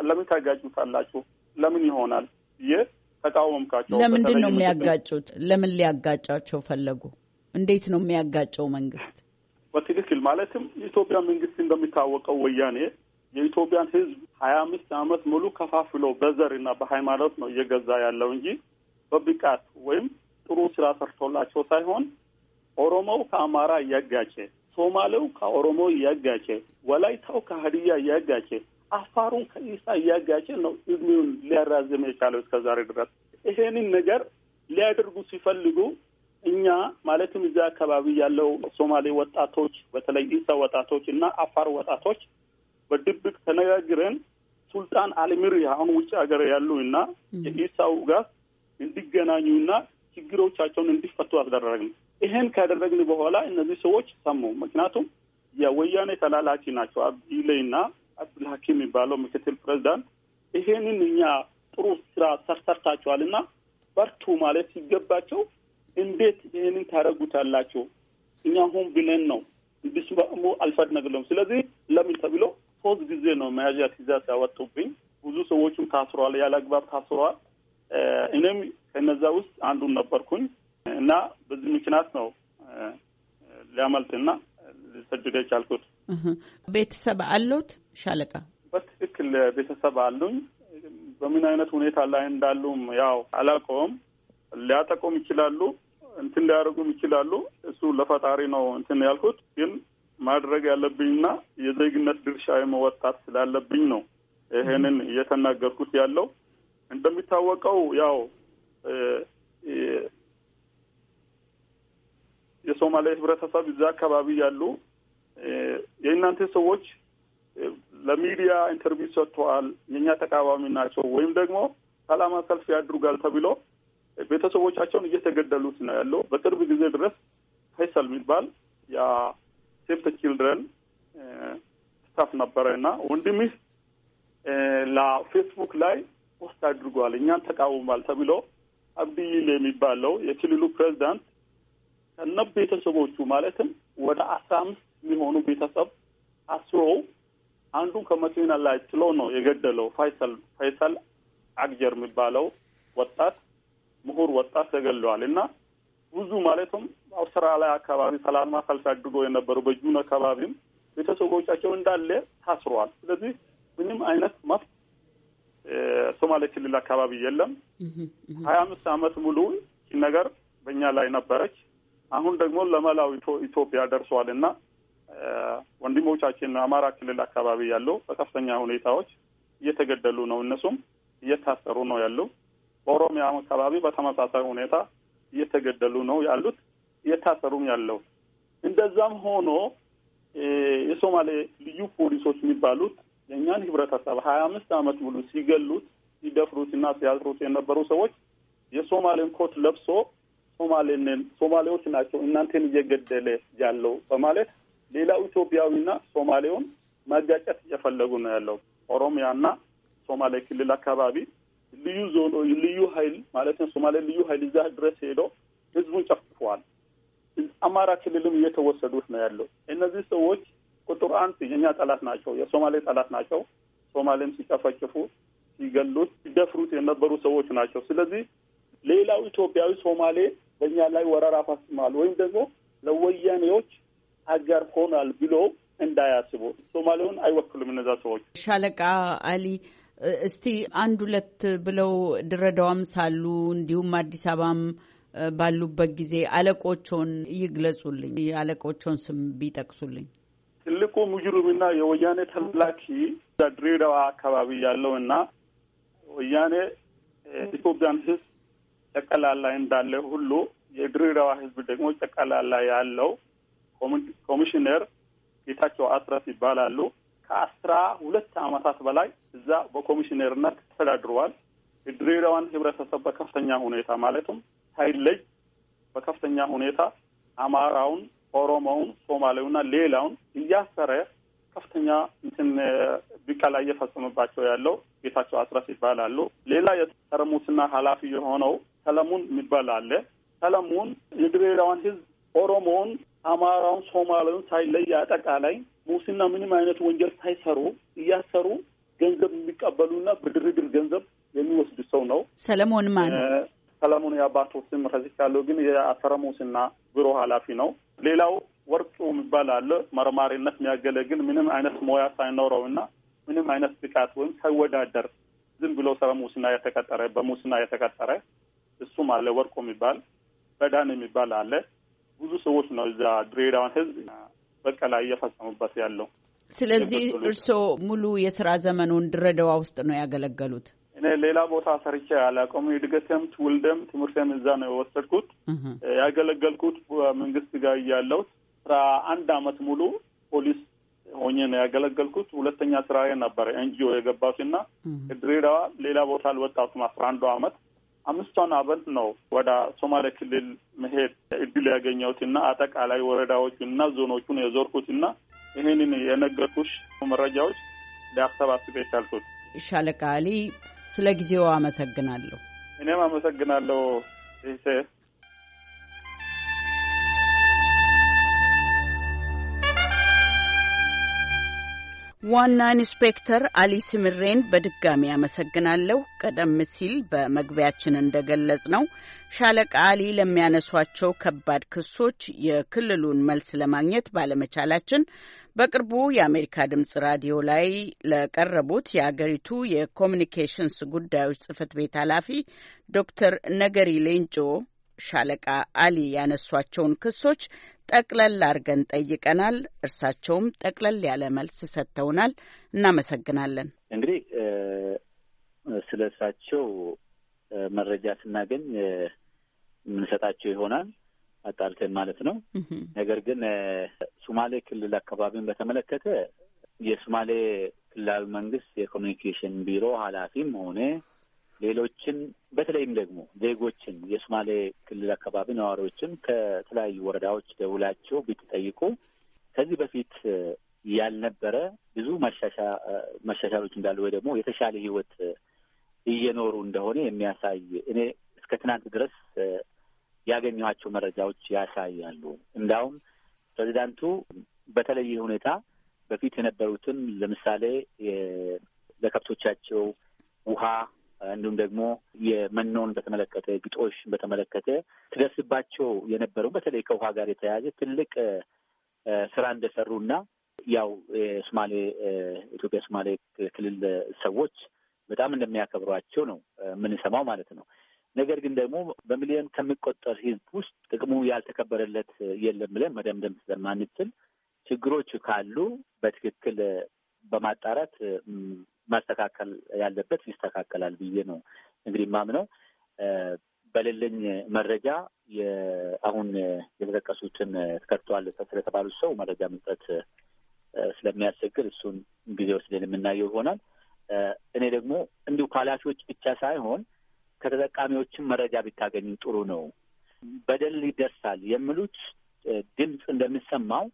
ለምን ታጋጩታላችሁ? ለምን ይሆናል ብዬ ተቃወምካቸው። ለምንድን ነው የሚያጋጩት? ለምን ሊያጋጫቸው ፈለጉ? እንዴት ነው የሚያጋጨው መንግስት? በትክክል ማለትም የኢትዮጵያ መንግስት እንደሚታወቀው ወያኔ የኢትዮጵያን ህዝብ ሀያ አምስት አመት ሙሉ ከፋፍሎ በዘር እና በሃይማኖት ነው እየገዛ ያለው እንጂ በብቃት ወይም ጥሩ ስራ ሰርቶላቸው ሳይሆን ኦሮሞው ከአማራ እያጋጨ ሶማሌው ከኦሮሞ እያጋጨ፣ ወላይታው ከሀዲያ እያጋጨ፣ አፋሩን ከኢሳ እያጋጨ ነው እድሜውን ሊያራዝም የቻለው እስከዛሬ ድረስ። ይሄንን ነገር ሊያደርጉ ሲፈልጉ እኛ ማለትም እዚያ አካባቢ ያለው ሶማሌ ወጣቶች በተለይ ኢሳ ወጣቶች እና አፋር ወጣቶች በድብቅ ተነጋግረን ሱልጣን አልሚር አሁን ውጭ ሀገር ያሉ እና የኢሳው ጋር እንዲገናኙ እና ችግሮቻቸውን እንዲፈቱ አስደረግን። ይህን ካደረግን በኋላ እነዚህ ሰዎች ሰሙ። ምክንያቱም የወያኔ ተላላኪ ናቸው። አብዲሌና አብዱልሀኪም የሚባለው ምክትል ፕሬዚዳንት ይሄንን እኛ ጥሩ ስራ ሰርሰርታችኋል እና በርቱ ማለት ሲገባቸው እንዴት ይህንን ታደረጉታላቸው? እኛ ሆን ብለን ነው እንዲስማሙ አልፈነግለም ስለዚህ ለምን ተብሎ ሶስት ጊዜ ነው መያዣ ትዕዛዝ ያወጡብኝ። ብዙ ሰዎችም ታስሯል ያለ አግባብ ታስሯዋል እኔም ከነዛ ውስጥ አንዱን ነበርኩኝ። እና በዚህ ምክንያት ነው ሊያመልጥና ሊሰድድ የቻልኩት። ቤተሰብ አለት ሻለቃ? በትክክል ቤተሰብ አሉኝ። በምን አይነት ሁኔታ ላይ እንዳሉም ያው አላውቀውም። ሊያጠቁም ይችላሉ፣ እንትን ሊያደርጉም ይችላሉ። እሱ ለፈጣሪ ነው እንትን ያልኩት። ግን ማድረግ ያለብኝና የዜግነት ድርሻ መወጣት ስላለብኝ ነው ይሄንን እየተናገርኩት ያለው። እንደሚታወቀው ያው የሶማሌ ህብረተሰብ እዛ አካባቢ ያሉ የእናንተ ሰዎች ለሚዲያ ኢንተርቪው ሰጥተዋል፣ የእኛ ተቃዋሚ ናቸው ወይም ደግሞ ሰላማ ሰልፍ ያድርጋል ተብሎ ቤተሰቦቻቸውን እየተገደሉት ነው ያለው። በቅርብ ጊዜ ድረስ ፈይሰል የሚባል የሴቭ ዘ ቺልድረን ስታፍ ነበረ እና ወንድምህ ለፌስቡክ ላይ ፖስት አድርጓል እኛን ተቃውሟል ተብሎ አብድይል የሚባለው የክልሉ ፕሬዚዳንት ከነ ቤተሰቦቹ ማለትም ወደ አስራ አምስት የሚሆኑ ቤተሰብ አስሮ አንዱ ከመኪና ላይ ችሎ ነው የገደለው። ፋይሰል ፋይሰል አግጀር የሚባለው ወጣት ምሁር ወጣት ተገለዋል እና ብዙ ማለትም አውስትራሊያ አካባቢ ሰላማ ሰልፍ አድርጎ የነበሩ በጁን አካባቢም ቤተሰቦቻቸው እንዳለ ታስሯል። ስለዚህ ምንም አይነት መፍት ሶማሌ ክልል አካባቢ የለም። ሀያ አምስት አመት ሙሉ ነገር በእኛ ላይ ነበረች። አሁን ደግሞ ለመላው ኢትዮጵያ ደርሷል እና ወንድሞቻችን አማራ ክልል አካባቢ ያለው በከፍተኛ ሁኔታዎች እየተገደሉ ነው። እነሱም እየታሰሩ ነው ያለው። በኦሮሚያ አካባቢ በተመሳሳይ ሁኔታ እየተገደሉ ነው ያሉት፣ እየታሰሩም ያለው። እንደዛም ሆኖ የሶማሌ ልዩ ፖሊሶች የሚባሉት የእኛን ህብረተሰብ ሀያ አምስት ዓመት ሙሉ ሲገሉት ሲደፍሩት እና ሲያስሩት የነበሩ ሰዎች የሶማሌን ኮት ለብሶ ሶማሌንን ሶማሌዎች ናቸው እናንተን እየገደለ ያለው በማለት ሌላው ኢትዮጵያዊና ሶማሌውን ማጋጨት እየፈለጉ ነው ያለው። ኦሮሚያና ሶማሌ ክልል አካባቢ ልዩ ዞን ልዩ ኃይል ማለት ሶማሌ ልዩ ኃይል እዛ ድረስ ሄዶ ህዝቡን ጨፍጭፈዋል። አማራ ክልልም እየተወሰዱት ነው ያለው። እነዚህ ሰዎች ቁጥር አንድ የኛ ጠላት ናቸው፣ የሶማሌ ጠላት ናቸው። ሶማሌም ሲጨፈጭፉ ሲገሉት ሲደፍሩት የነበሩ ሰዎች ናቸው። ስለዚህ ሌላው ኢትዮጵያዊ ሶማሌ በእኛ ላይ ወረራ ፈጽሟል ወይም ደግሞ ለወያኔዎች አጋር ሆናል ብሎ እንዳያስቡ ሶማሌውን አይወክሉም እነዛ ሰዎች። ሻለቃ አሊ እስቲ አንድ ሁለት ብለው ድረዳዋም ሳሉ እንዲሁም አዲስ አበባም ባሉበት ጊዜ አለቆቾን ይግለጹልኝ። የአለቆቾን ስም ቢጠቅሱልኝ። ትልቁ ሙጅሩምና የወያኔ ተላላኪ ድሬዳዋ አካባቢ ያለው እና ወያኔ ኢትዮጵያን ሕዝብ ጠቀላላ እንዳለ ሁሉ የድሬዳዋ ህዝብ ደግሞ ጠቀላላ ያለው ኮሚሽነር ጌታቸው አስረስ ይባላሉ። ከአስራ ሁለት ዓመታት በላይ እዛ በኮሚሽነርነት ተተዳድረዋል። የድሬዳዋን ህብረተሰብ በከፍተኛ ሁኔታ ማለትም ሳይለይ በከፍተኛ ሁኔታ አማራውን፣ ኦሮሞውን፣ ሶማሌውና ሌላውን እያሰረ ከፍተኛ እንትን ቢቀላ እየፈጸመባቸው ያለው ጌታቸው አስረስ ይባላሉ። ሌላ የጸረ ኃላፊ የሆነው ሰለሞን የሚባል አለ። ሰለሞን የድሬዳዋን ህዝብ፣ ኦሮሞውን፣ አማራውን፣ ሶማሌውን ሳይለይ አጠቃላይ ሙስና ምንም አይነት ወንጀል ሳይሰሩ እያሰሩ ገንዘብ የሚቀበሉና በድርድር ገንዘብ የሚወስዱ ሰው ነው። ሰለሞን ማን? ሰለሞን የአባቶ ስም ያለው ግን የአሰረ ሙስና ቢሮ ኃላፊ ነው። ሌላው ወርቁ የሚባል አለ። መርማሪነት የሚያገለግል ምንም አይነት ሞያ ሳይኖረው እና ምንም አይነት ብቃት ወይም ሳይወዳደር ዝም ብሎ ስለ ሙስና የተቀጠረ በሙስና የተቀጠረ እሱም አለ። ወርቆ የሚባል በዳን የሚባል አለ። ብዙ ሰዎች ነው እዛ ድሬዳዋን ህዝብ በቀላ እየፈጸሙበት ያለው። ስለዚህ እርስዎ ሙሉ የስራ ዘመኑን ድሬዳዋ ውስጥ ነው ያገለገሉት? እኔ ሌላ ቦታ ሰርቼ አላውቀውም። እድገቴም ትውልደም ትምህርቴም እዛ ነው የወሰድኩት። ያገለገልኩት መንግስት ጋር እያለሁት ስራ አንድ አመት ሙሉ ፖሊስ ሆኜ ነው ያገለገልኩት። ሁለተኛ ስራ ነበረ ኤንጂኦ የገባሁት እና ድሬዳዋ ሌላ ቦታ አልወጣሁትም አስራ አንዱ አመት አምስቷን አበንት ነው ወደ ሶማሌ ክልል መሄድ እድል ያገኘሁት እና አጠቃላይ ወረዳዎች እና ዞኖቹን የዞርኩት እና ይህንን የነገርኩሽ መረጃዎች ሊያሰባስብ የቻልኩት። ሻለቃ አሊ ስለ ጊዜው አመሰግናለሁ። እኔም አመሰግናለሁ ሴ ዋና ኢንስፔክተር አሊ ስምሬን በድጋሚ አመሰግናለሁ። ቀደም ሲል በመግቢያችን እንደገለጽ ነው ሻለቃ አሊ ለሚያነሷቸው ከባድ ክሶች የክልሉን መልስ ለማግኘት ባለመቻላችን በቅርቡ የአሜሪካ ድምጽ ራዲዮ ላይ ለቀረቡት የአገሪቱ የኮሚኒኬሽንስ ጉዳዮች ጽህፈት ቤት ኃላፊ ዶክተር ነገሪ ሌንጮ ሻለቃ አሊ ያነሷቸውን ክሶች ጠቅለል አድርገን ጠይቀናል። እርሳቸውም ጠቅለል ያለ መልስ ሰጥተውናል። እናመሰግናለን። እንግዲህ ስለ እርሳቸው መረጃ ስናገኝ የምንሰጣቸው ይሆናል አጣርተን ማለት ነው። ነገር ግን ሱማሌ ክልል አካባቢን በተመለከተ የሱማሌ ክልላዊ መንግስት የኮሚኒኬሽን ቢሮ ኃላፊም ሆነ ሌሎችን በተለይም ደግሞ ዜጎችን የሶማሌ ክልል አካባቢ ነዋሪዎችን ከተለያዩ ወረዳዎች ደውላቸው ብትጠይቁ ከዚህ በፊት ያልነበረ ብዙ መሻሻሎች እንዳሉ ወይ ደግሞ የተሻለ ህይወት እየኖሩ እንደሆነ የሚያሳይ እኔ እስከ ትናንት ድረስ ያገኘኋቸው መረጃዎች ያሳያሉ። እንዳውም ፕሬዚዳንቱ በተለየ ሁኔታ በፊት የነበሩትን ለምሳሌ ለከብቶቻቸው ውሃ እንዲሁም ደግሞ የመኖን በተመለከተ ግጦሽ በተመለከተ ትደርስባቸው የነበረው በተለይ ከውሃ ጋር የተያያዘ ትልቅ ስራ እና ያው የሶማሌ ኢትዮጵያ ሶማሌ ክልል ሰዎች በጣም እንደሚያከብሯቸው ነው የምንሰማው ማለት ነው። ነገር ግን ደግሞ በሚሊዮን ከሚቆጠር ህዝብ ውስጥ ጥቅሙ ያልተከበረለት የለም ብለን መደምደም ስለማንችል ችግሮቹ ካሉ በትክክል በማጣራት ማስተካከል ያለበት ይስተካከላል ብዬ ነው እንግዲህ ማምነው። በሌለኝ መረጃ አሁን የተጠቀሱትን ተከድተዋል ስለተባሉት ሰው መረጃ መስጠት ስለሚያስቸግር እሱን ጊዜ ወስደን የምናየው ይሆናል። እኔ ደግሞ እንዲሁ ከኃላፊዎች ብቻ ሳይሆን ከተጠቃሚዎችም መረጃ ቢታገኝ ጥሩ ነው። በደል ይደርሳል የሚሉት ድምፅ እንደሚሰማው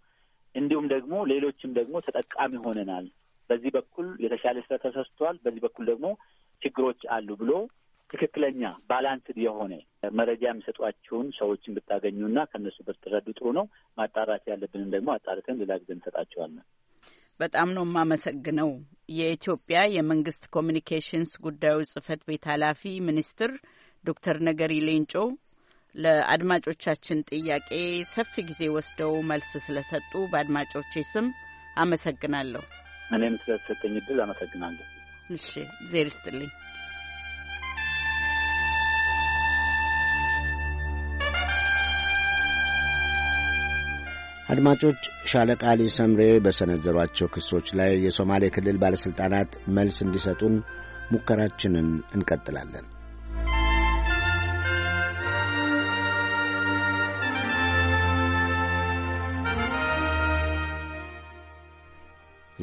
እንዲሁም ደግሞ ሌሎችም ደግሞ ተጠቃሚ ሆነናል በዚህ በኩል የተሻለ ስራ ተሰርቷል፣ በዚህ በኩል ደግሞ ችግሮች አሉ ብሎ ትክክለኛ ባላንስድ የሆነ መረጃ የሚሰጧችሁን ሰዎችን ብታገኙና ከእነሱ ብትረዱ ጥሩ ነው። ማጣራት ያለብንን ደግሞ አጣርተን ሌላ ጊዜ እንሰጣቸዋለን። በጣም ነው የማመሰግነው። የኢትዮጵያ የመንግስት ኮሚኒኬሽንስ ጉዳዮች ጽህፈት ቤት ኃላፊ ሚኒስትር ዶክተር ነገሪ ሌንጮ ለአድማጮቻችን ጥያቄ ሰፊ ጊዜ ወስደው መልስ ስለሰጡ በአድማጮቼ ስም አመሰግናለሁ። እኔም ስለተሰጠኝ እድል አመሰግናለሁ። እሺ፣ እግዜር ይስጥልኝ። አድማጮች ሻለቃ አሊ ሰምሬ በሰነዘሯቸው ክሶች ላይ የሶማሌ ክልል ባለሥልጣናት መልስ እንዲሰጡን ሙከራችንን እንቀጥላለን።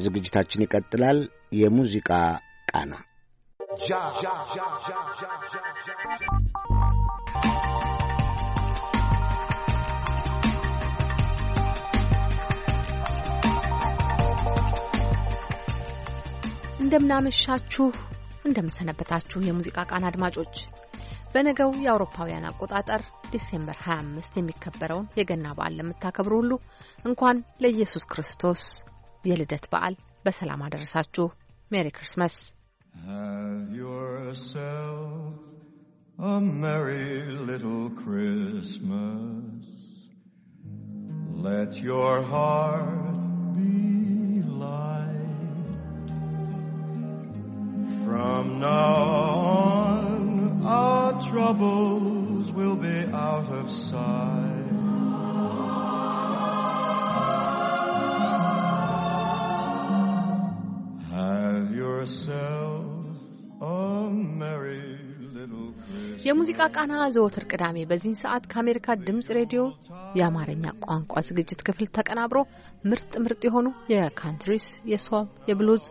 ዝግጅታችን ይቀጥላል። የሙዚቃ ቃና እንደምናመሻችሁ እንደምንሰነበታችሁ የሙዚቃ ቃና አድማጮች በነገው የአውሮፓውያን አቆጣጠር ዲሴምበር 25 የሚከበረውን የገና በዓል ለምታከብሩ ሁሉ እንኳን ለኢየሱስ ክርስቶስ የልደት በዓል በሰላም አደረሳችሁ። ሜሪ ክርስመስ። Have yourself a merry little Christmas. Let your heart be light. From now on, our troubles will be out of sight. የሙዚቃ ቃና ዘወትር ቅዳሜ በዚህን ሰዓት ከአሜሪካ ድምጽ ሬዲዮ የአማርኛ ቋንቋ ዝግጅት ክፍል ተቀናብሮ ምርጥ ምርጥ የሆኑ የካንትሪስ፣ የሶል፣ የብሉዝ፣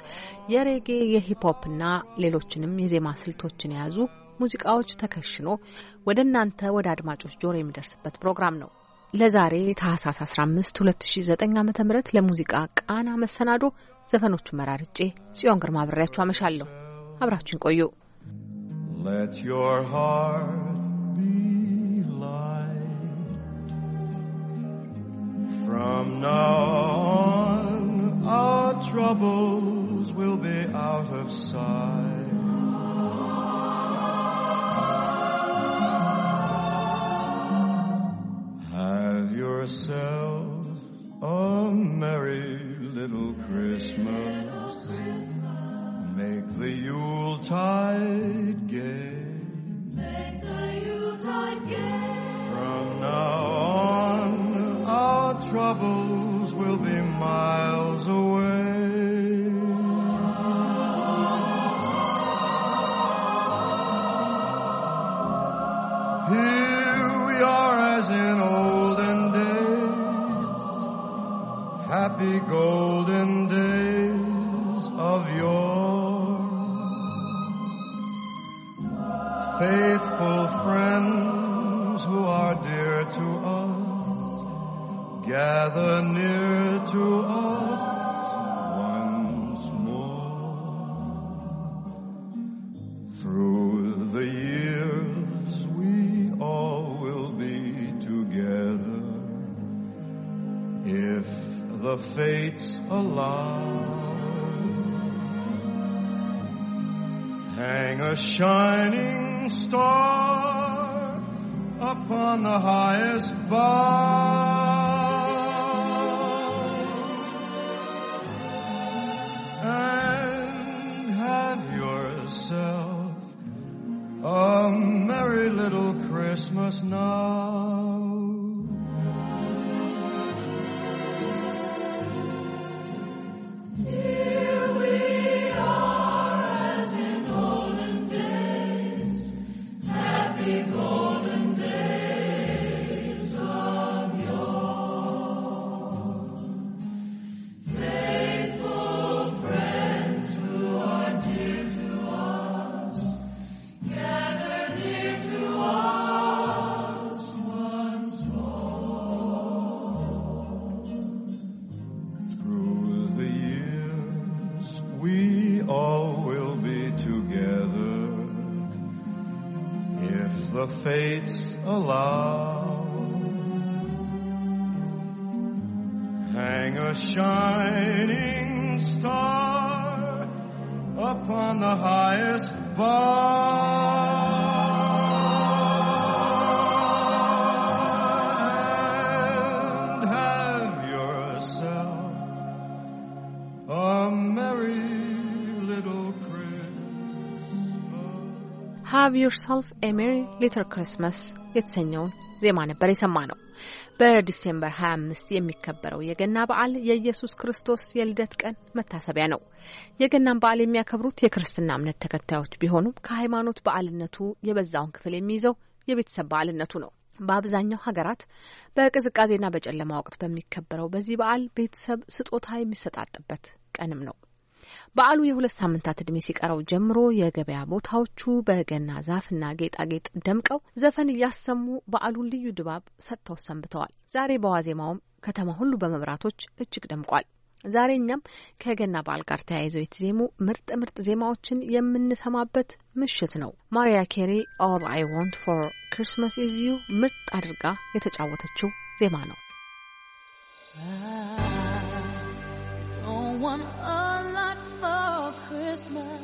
የሬጌ፣ የሂፕሆፕ እና ሌሎችንም የዜማ ስልቶችን የያዙ ሙዚቃዎች ተከሽኖ ወደ እናንተ ወደ አድማጮች ጆሮ የሚደርስበት ፕሮግራም ነው። ለዛሬ ታህሳስ 15 2009 ዓ ም ለሙዚቃ ቃና መሰናዶ ዘፈኖቹ መራርጬ ጽዮን ግርማ አብሬያችሁ አመሻለሁ። አብራችሁን ቆዩ። Let your heart be light. From now on, our troubles will be out of sight. yourself a merry little Christmas. Make the Yuletide gay. Make the Yuletide gay. From now on, our troubles will be miles away. Here we are as in old happy golden days of yore. Faithful friends who are dear to us, gather near to us. fates allow. Hang a shining star upon the highest bough and have yourself a merry little Christmas now. upon the highest bar. And have yourself a merry little Christmas. Have yourself a merry little Christmas. የተሰኘውን ዜማ ነበር የሰማ ነው። በዲሴምበር 25 የሚከበረው የገና በዓል የኢየሱስ ክርስቶስ የልደት ቀን መታሰቢያ ነው። የገናን በዓል የሚያከብሩት የክርስትና እምነት ተከታዮች ቢሆኑም ከሃይማኖት በዓልነቱ የበዛውን ክፍል የሚይዘው የቤተሰብ በዓልነቱ ነው። በአብዛኛው ሀገራት በቅዝቃዜና በጨለማ ወቅት በሚከበረው በዚህ በዓል ቤተሰብ ስጦታ የሚሰጣጥበት ቀንም ነው። በዓሉ የሁለት ሳምንታት እድሜ ሲቀረው ጀምሮ የገበያ ቦታዎቹ በገና ዛፍና ጌጣጌጥ ደምቀው ዘፈን እያሰሙ በዓሉን ልዩ ድባብ ሰጥተው ሰንብተዋል። ዛሬ በዋዜማውም ከተማ ሁሉ በመብራቶች እጅግ ደምቋል። ዛሬ እኛም ከገና በዓል ጋር ተያይዘው የተዜሙ ምርጥ ምርጥ ዜማዎችን የምንሰማበት ምሽት ነው። ማሪያ ኬሪ ኦል አይ ዋንት ፎር ክሪስማስ ኢዝ ዩ ምርጥ አድርጋ የተጫወተችው ዜማ ነው። want a lot for Christmas.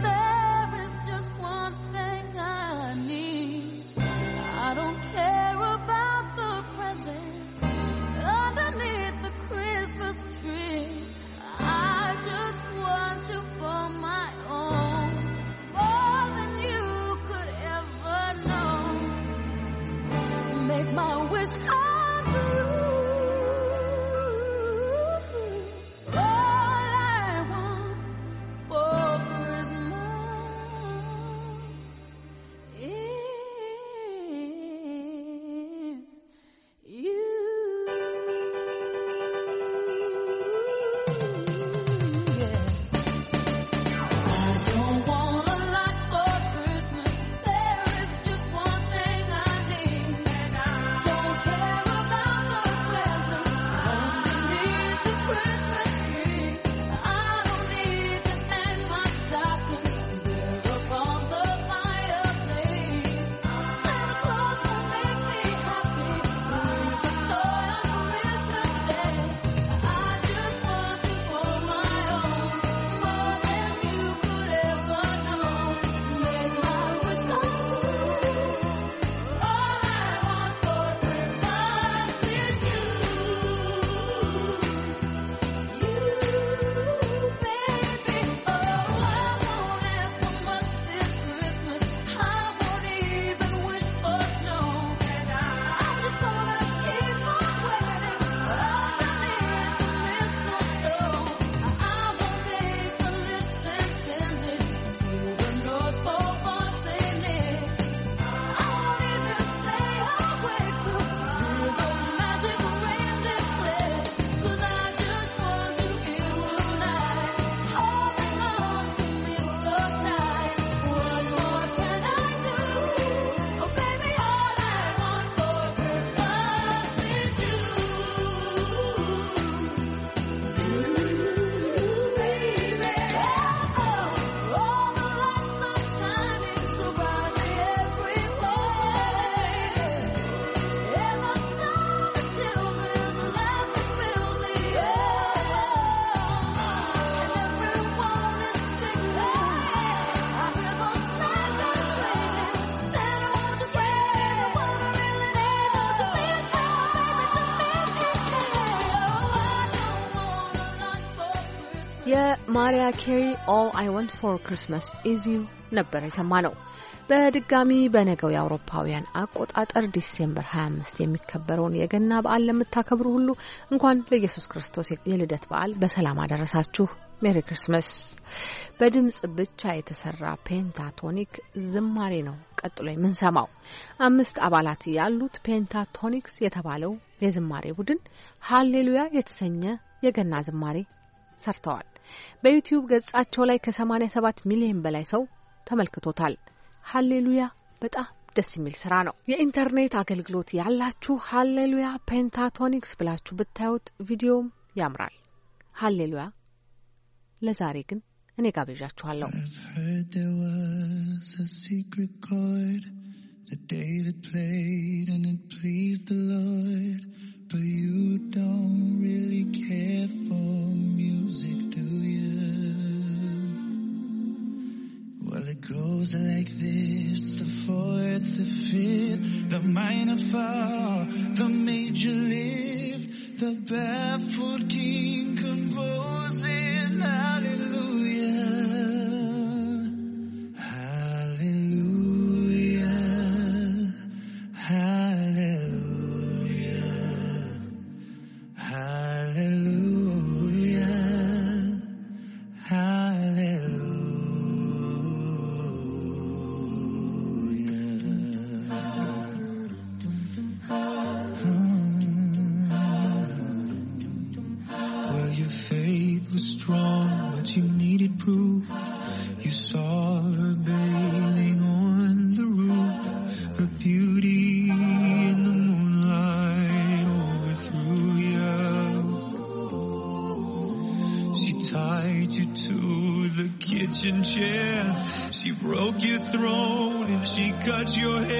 There is just one thing I need. I don't care about the presents underneath the Christmas tree. I just want you for my own. More than you could ever know. Make my wish come ማሪያ ኬሪ ኦል አይ ወንት ፎር ክሪስማስ ኢዝ ዩ ነበር የሰማ ነው። በድጋሚ በነገው የአውሮፓውያን አቆጣጠር ዲሴምበር 25 የሚከበረውን የገና በዓል ለምታከብሩ ሁሉ እንኳን ለኢየሱስ ክርስቶስ የልደት በዓል በሰላም አደረሳችሁ። ሜሪ ክርስመስ። በድምጽ ብቻ የተሰራ ፔንታቶኒክ ዝማሬ ነው ቀጥሎ የምንሰማው። አምስት አባላት ያሉት ፔንታቶኒክስ የተባለው የዝማሬ ቡድን ሀሌሉያ የተሰኘ የገና ዝማሬ ሰርተዋል። በዩቲዩብ ገጻቸው ላይ ከ87 ሚሊዮን በላይ ሰው ተመልክቶታል። ሀሌሉያ በጣም ደስ የሚል ስራ ነው። የኢንተርኔት አገልግሎት ያላችሁ ሀሌሉያ ፔንታቶኒክስ ብላችሁ ብታዩት ቪዲዮም ያምራል። ሀሌሉያ ለዛሬ ግን እኔ ጋብዣችኋለሁ። but you don't really care for music, do Well, it goes like this, the fourth, the fifth, the minor fall, the major lift, the baffled king composing hallelujah. your head.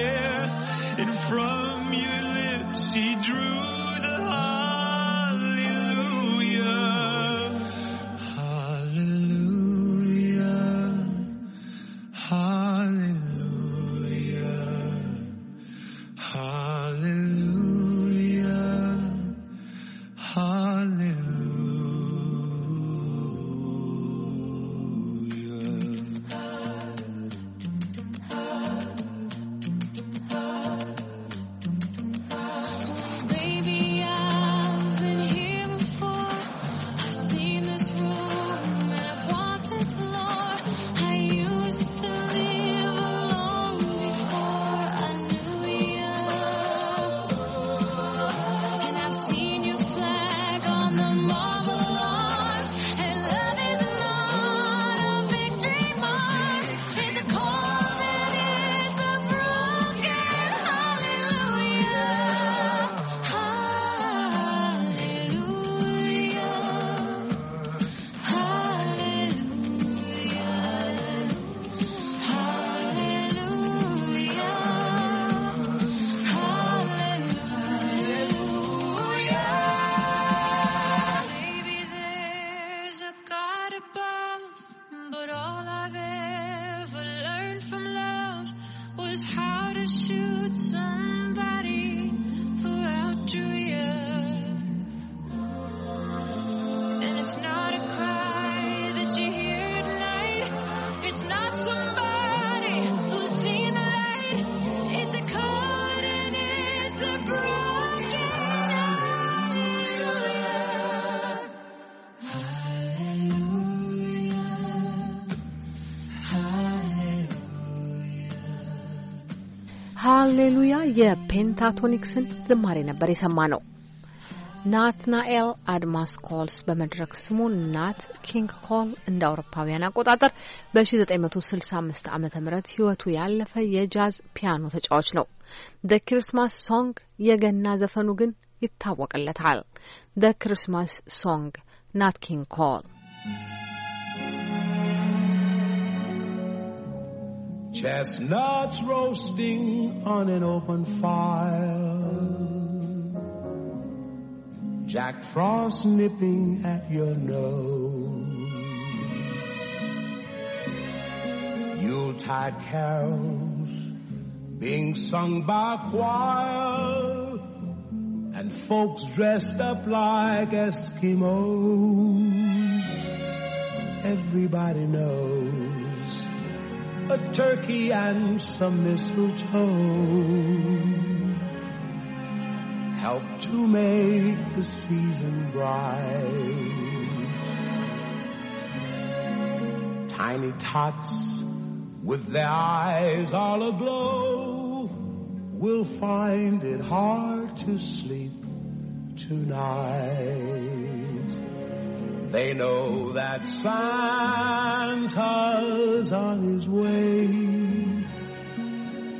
above, but all I've ever learned from love was how to shoot some ሃሌሉያ የፔንታቶኒክስን ዝማሬ ነበር የሰማ ነው። ናትናኤል አድማስ ኮልስ በመድረክ ስሙ ናት ኪንግ ኮል እንደ አውሮፓውያን አቆጣጠር በ1965 ዓ ም ህይወቱ ያለፈ የጃዝ ፒያኖ ተጫዋች ነው። ደ ክሪስማስ ሶንግ የገና ዘፈኑ ግን ይታወቅለታል። ደ ክሪስማስ ሶንግ ናት ኪንግ ኮል Chestnuts roasting on an open fire. Jack Frost nipping at your nose. Yuletide carols being sung by a choir. And folks dressed up like Eskimos. Everybody knows a turkey and some mistletoe help to make the season bright. Tiny tots with their eyes all aglow will find it hard to sleep tonight. They know that Santa's on his way.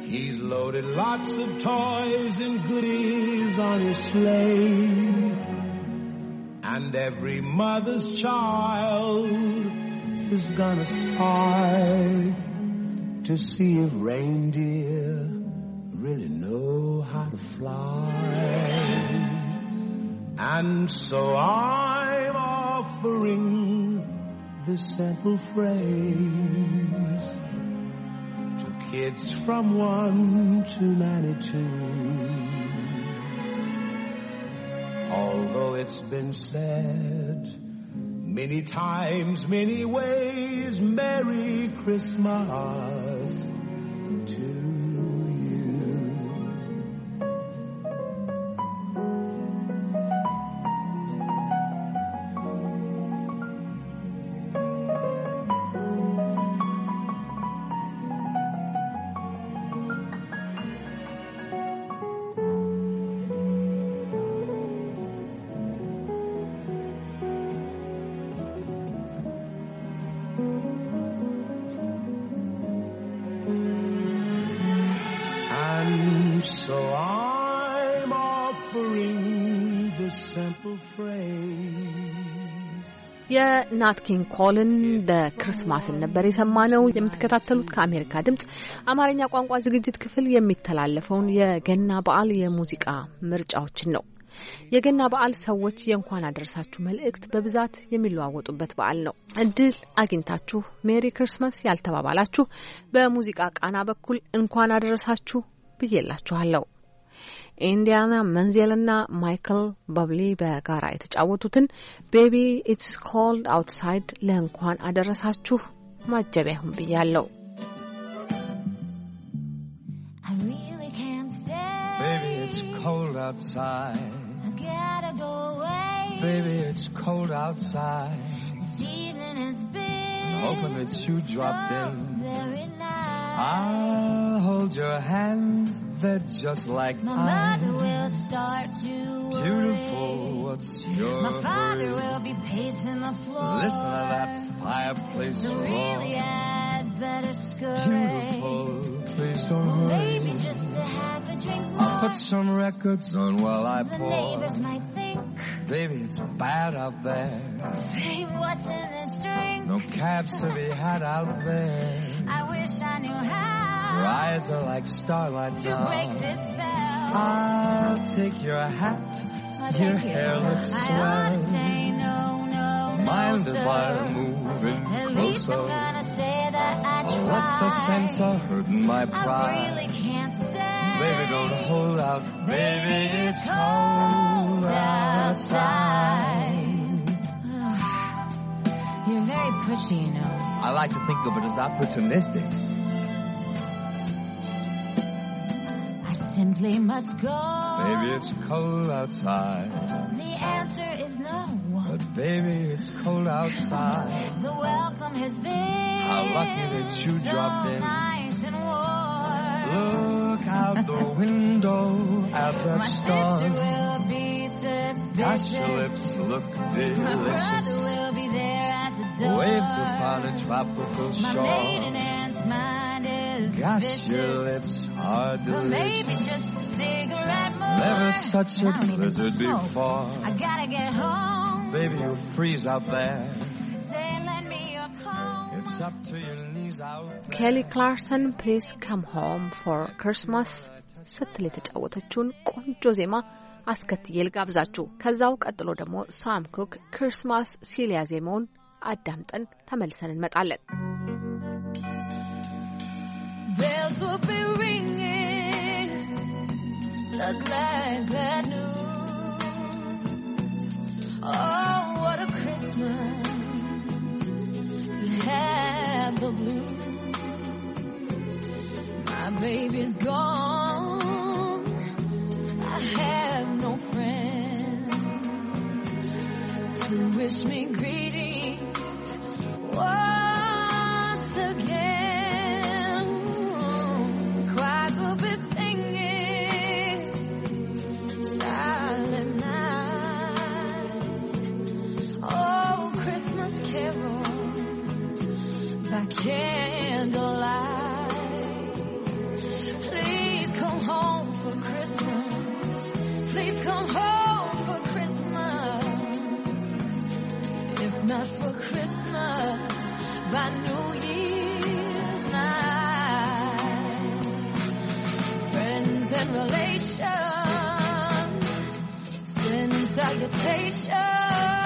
He's loaded lots of toys and goodies on his sleigh. And every mother's child is gonna spy to see if reindeer really know how to fly. And so I offering the simple phrase to kids from one to ninety-two. Although it's been said many times, many ways, Merry Christmas to ናት ኪንግ ኮልን በክርስማስን ነበር የሰማነው። የምትከታተሉት ከአሜሪካ ድምጽ አማርኛ ቋንቋ ዝግጅት ክፍል የሚተላለፈውን የገና በዓል የሙዚቃ ምርጫዎችን ነው። የገና በዓል ሰዎች የእንኳን አደረሳችሁ መልእክት በብዛት የሚለዋወጡበት በዓል ነው። እድል አግኝታችሁ ሜሪ ክርስማስ ያልተባባላችሁ በሙዚቃ ቃና በኩል እንኳን አደረሳችሁ ብዬላችኋለሁ። ኢንዲያና መንዜልና ማይክል በብሊ በጋራ የተጫወቱትን ቤቢ ኢትስ ኮልድ አውትሳይድ ለእንኳን አደረሳችሁ ማጀቢያ ይሁን ብያለሁ። I'll hold your hands, they're just like My will start to worry. Beautiful, what's your My father hurry? will be pacing the floor. Listen to that fireplace roar. Really, had better scurry. Beautiful, please don't well, hurry. Maybe just to have a drink more. I'll put some records on while I the pour. The neighbors might think Baby, it's bad out there. Babe, what's in this drink? No cabs to be had out there. I wish I knew how. Your eyes are like starlight To now. break this spell. I'll take your hat. i your hair it. looks I swell. I ought to say no, no, Mind no, is why I'm moving At closer. least I'm gonna say that I oh, tried. what's the sense of hurting my pride? I really can't say. Baby, don't hold out. Baby, it's cold outside. You're very pushy, you know. I like to think of it as opportunistic. I simply must go. Maybe it's cold outside. The answer is no. But baby, it's cold outside. the welcome has been. How lucky that you so dropped in. Nice and warm. Look out the window at that star suspicious. Gosh, your lips look delicious. My (laughs) will be there at the door. Waves upon a tropical shore. My maiden aunt's mind is Gosh, vicious. your lips are delicious. But maybe just a cigarette more. Never such a blizzard before. I gotta get home. Baby, you'll freeze out there. Say, lend me your comb. It's up to your knees out there. Kelly Clarkson, please come home for Christmas ስትል የተጫወተችውን ቆንጆ ዜማ አስከትዬ ጋብዛችሁ! ከዛው ቀጥሎ ደግሞ ሳም ኩክ ክርስማስ ሲል ያዜመውን አዳምጠን ተመልሰን እንመጣለን። My baby's gone. I have who wish me greetings once again. Choirs will be singing silent night. Oh, Christmas carols by candlelight. Please come home for Christmas. Please come home. for Christmas by New Year's night. Friends and relations, send salutations.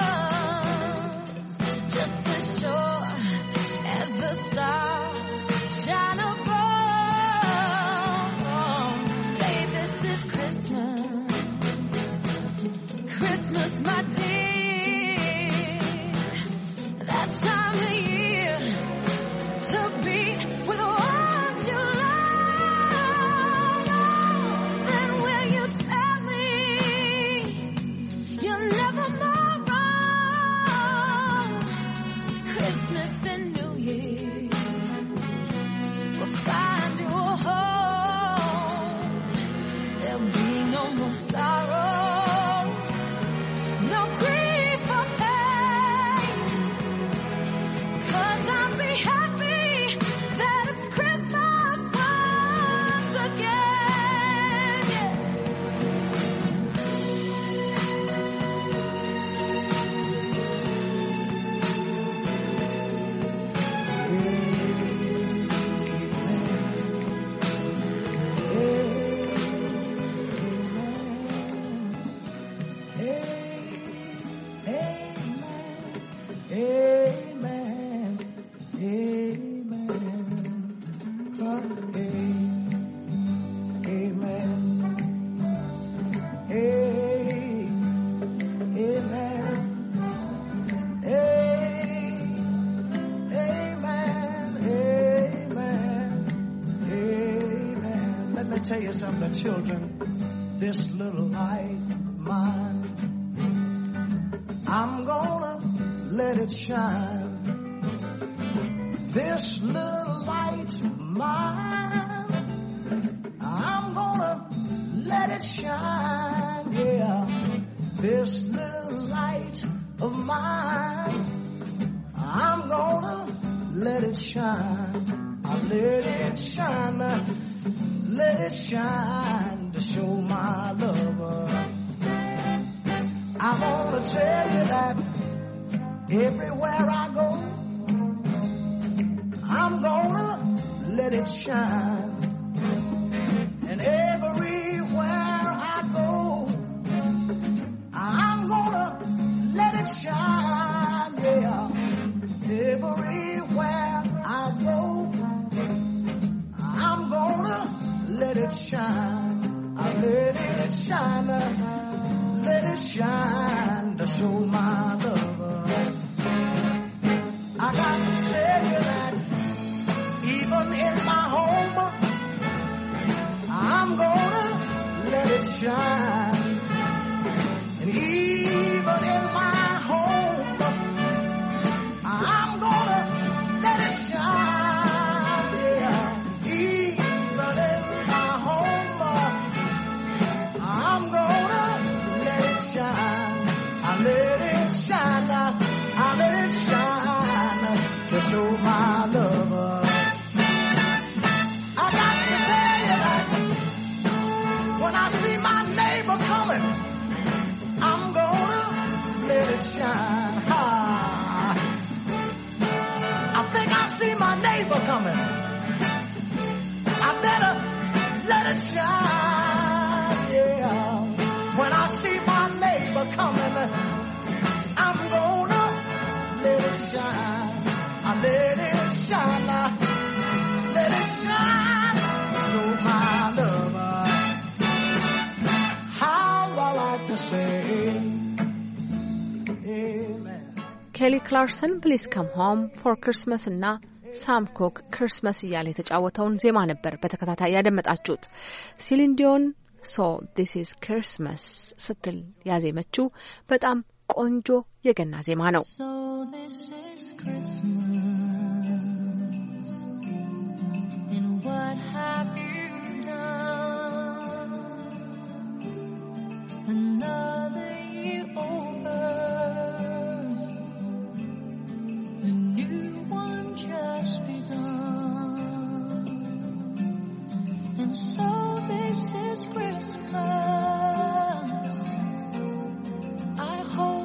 it shine, yeah. This little light of mine, I'm gonna let it shine. I let it shine, let it shine to show my lover. I wanna tell you that everywhere I go, I'm gonna let it shine. shine, yeah. Everywhere I go, I'm gonna let it shine. I am letting it shine, let it shine. rainbow coming. I better let it shine, yeah. When I see my neighbor coming, I'm gonna let it shine. I let it shine, I let it shine. So my lover, how I like to say. ኬሊ ክላርሰን ብሊዝ ከም ሆም ፎር ክርስመስ እና ሳምኮክ ክርስመስ እያለ የተጫወተውን ዜማ ነበር በተከታታይ ያደመጣችሁት። ሲሊንዲዮን ሶ ዲስ ኢዝ ክርስመስ ስትል ያዜመችው በጣም ቆንጆ የገና ዜማ ነው። Another year old. So This is Christmas. I hope.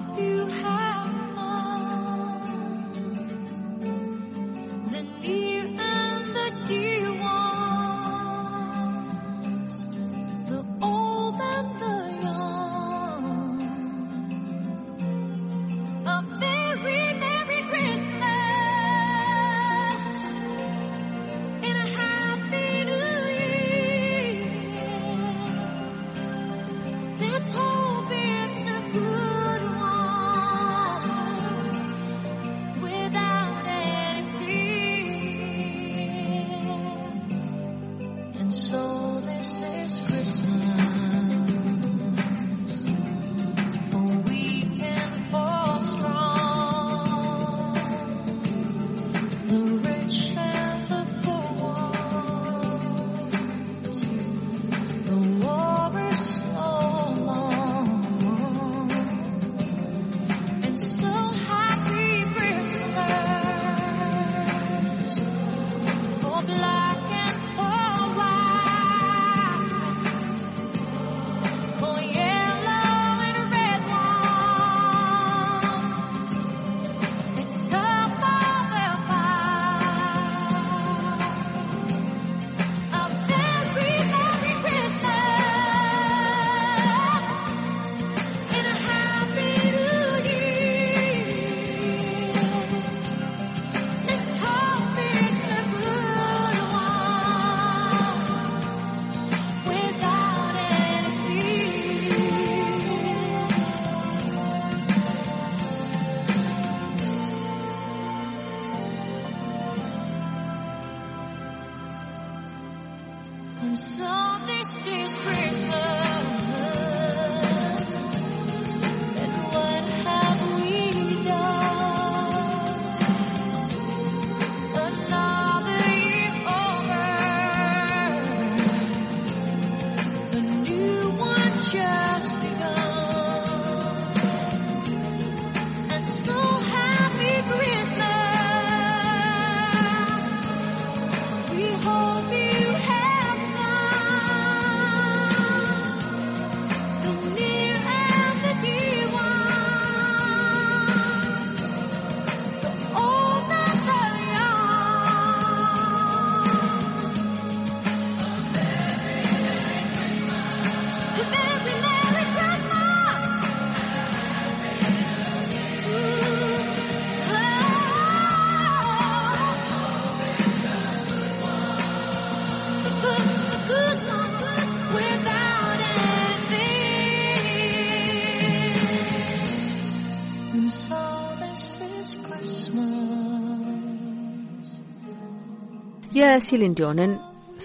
የሲሊን ዲዮንን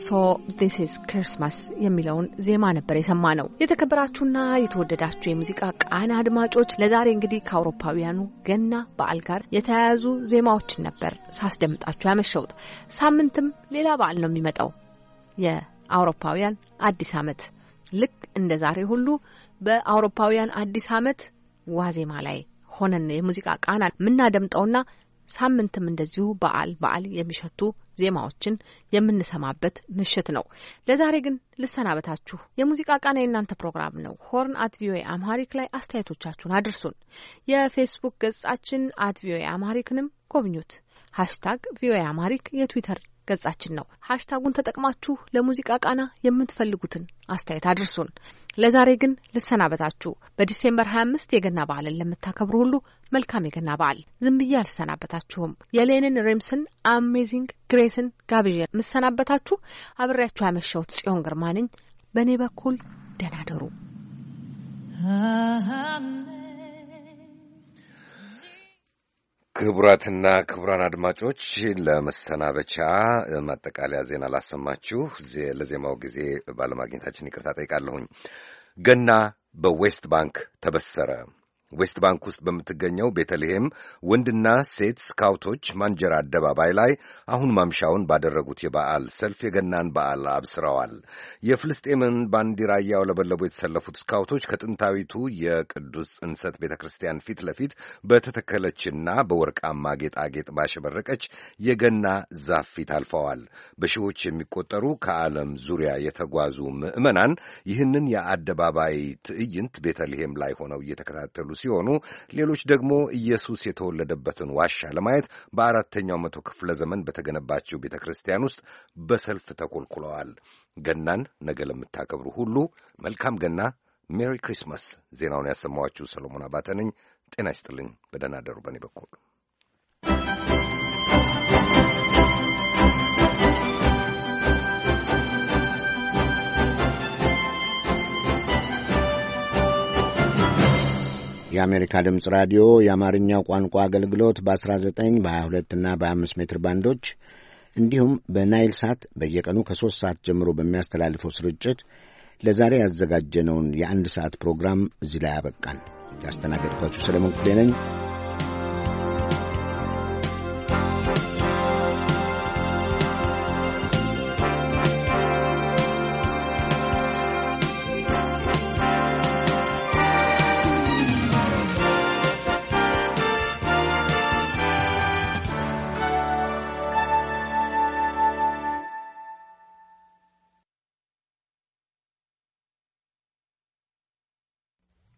ሶ ዲስ ኢዝ ክርስማስ የሚለውን ዜማ ነበር የሰማ ነው። የተከበራችሁና የተወደዳችሁ የሙዚቃ ቃና አድማጮች ለዛሬ እንግዲህ ከአውሮፓውያኑ ገና በዓል ጋር የተያያዙ ዜማዎችን ነበር ሳስደምጣችሁ ያመሸውት። ሳምንትም ሌላ በዓል ነው የሚመጣው የአውሮፓውያን አዲስ ዓመት። ልክ እንደ ዛሬ ሁሉ በአውሮፓውያን አዲስ ዓመት ዋዜማ ላይ ሆነን የሙዚቃ ቃና የምናደምጠውና ሳምንትም እንደዚሁ በዓል በዓል የሚሸቱ ዜማዎችን የምንሰማበት ምሽት ነው። ለዛሬ ግን ልሰናበታችሁ። የሙዚቃ ቃና የእናንተ ፕሮግራም ነው። ሆርን አት ቪኦኤ አምሃሪክ ላይ አስተያየቶቻችሁን አድርሱን። የፌስቡክ ገጻችን አት ቪኦኤ አምሃሪክንም ጎብኙት። ሃሽታግ ቪኦኤ አማሪክ የትዊተር ገጻችን ነው። ሀሽታጉን ተጠቅማችሁ ለሙዚቃ ቃና የምትፈልጉትን አስተያየት አድርሱን። ለዛሬ ግን ልሰናበታችሁ። በዲሴምበር 25 የገና በዓልን ለምታከብሩ ሁሉ መልካም የገና በዓል። ዝም ብዬ አልሰናበታችሁም። የሌንን ሬምስን አሜዚንግ ግሬስን ጋብዤ የምሰናበታችሁ አብሬያችሁ ያመሸሁት ጽዮን ግርማ ነኝ። በእኔ በኩል ደህና ደሩ። ክቡራትና ክቡራን አድማጮች ለመሰናበቻ ማጠቃለያ ዜና ላሰማችሁ። ለዜማው ጊዜ ባለማግኘታችን ይቅርታ ጠይቃለሁኝ። ገና በዌስት ባንክ ተበሰረ። ዌስት ባንክ ውስጥ በምትገኘው ቤተልሔም ወንድና ሴት ስካውቶች ማንጀራ አደባባይ ላይ አሁን ማምሻውን ባደረጉት የበዓል ሰልፍ የገናን በዓል አብስረዋል። የፍልስጤምን ባንዲራ እያውለበለቡ የተሰለፉት ስካውቶች ከጥንታዊቱ የቅዱስ ጽንሰት ቤተ ክርስቲያን ፊት ለፊት በተተከለችና በወርቃማ ጌጣጌጥ ባሸበረቀች የገና ዛፍ ፊት አልፈዋል። በሺዎች የሚቆጠሩ ከዓለም ዙሪያ የተጓዙ ምዕመናን ይህንን የአደባባይ ትዕይንት ቤተልሔም ላይ ሆነው እየተከታተሉ ሲሆኑ ሌሎች ደግሞ ኢየሱስ የተወለደበትን ዋሻ ለማየት በአራተኛው መቶ ክፍለ ዘመን በተገነባችው ቤተ ክርስቲያን ውስጥ በሰልፍ ተኮልኩለዋል። ገናን ነገ ለምታከብሩ ሁሉ መልካም ገና፣ ሜሪ ክሪስማስ። ዜናውን ያሰማኋችሁ ሰሎሞን አባተ ነኝ። ጤና ይስጥልኝ። በደህና አደሩ። በእኔ በኩል የአሜሪካ ድምፅ ራዲዮ የአማርኛው ቋንቋ አገልግሎት በ19 በ22 እና በ25 ሜትር ባንዶች እንዲሁም በናይል ሳት በየቀኑ ከሦስት ሰዓት ጀምሮ በሚያስተላልፈው ስርጭት ለዛሬ ያዘጋጀነውን የአንድ ሰዓት ፕሮግራም እዚህ ላይ ያበቃን። ያስተናገድኳችሁ ሰለሞን ክፍሌ ነኝ።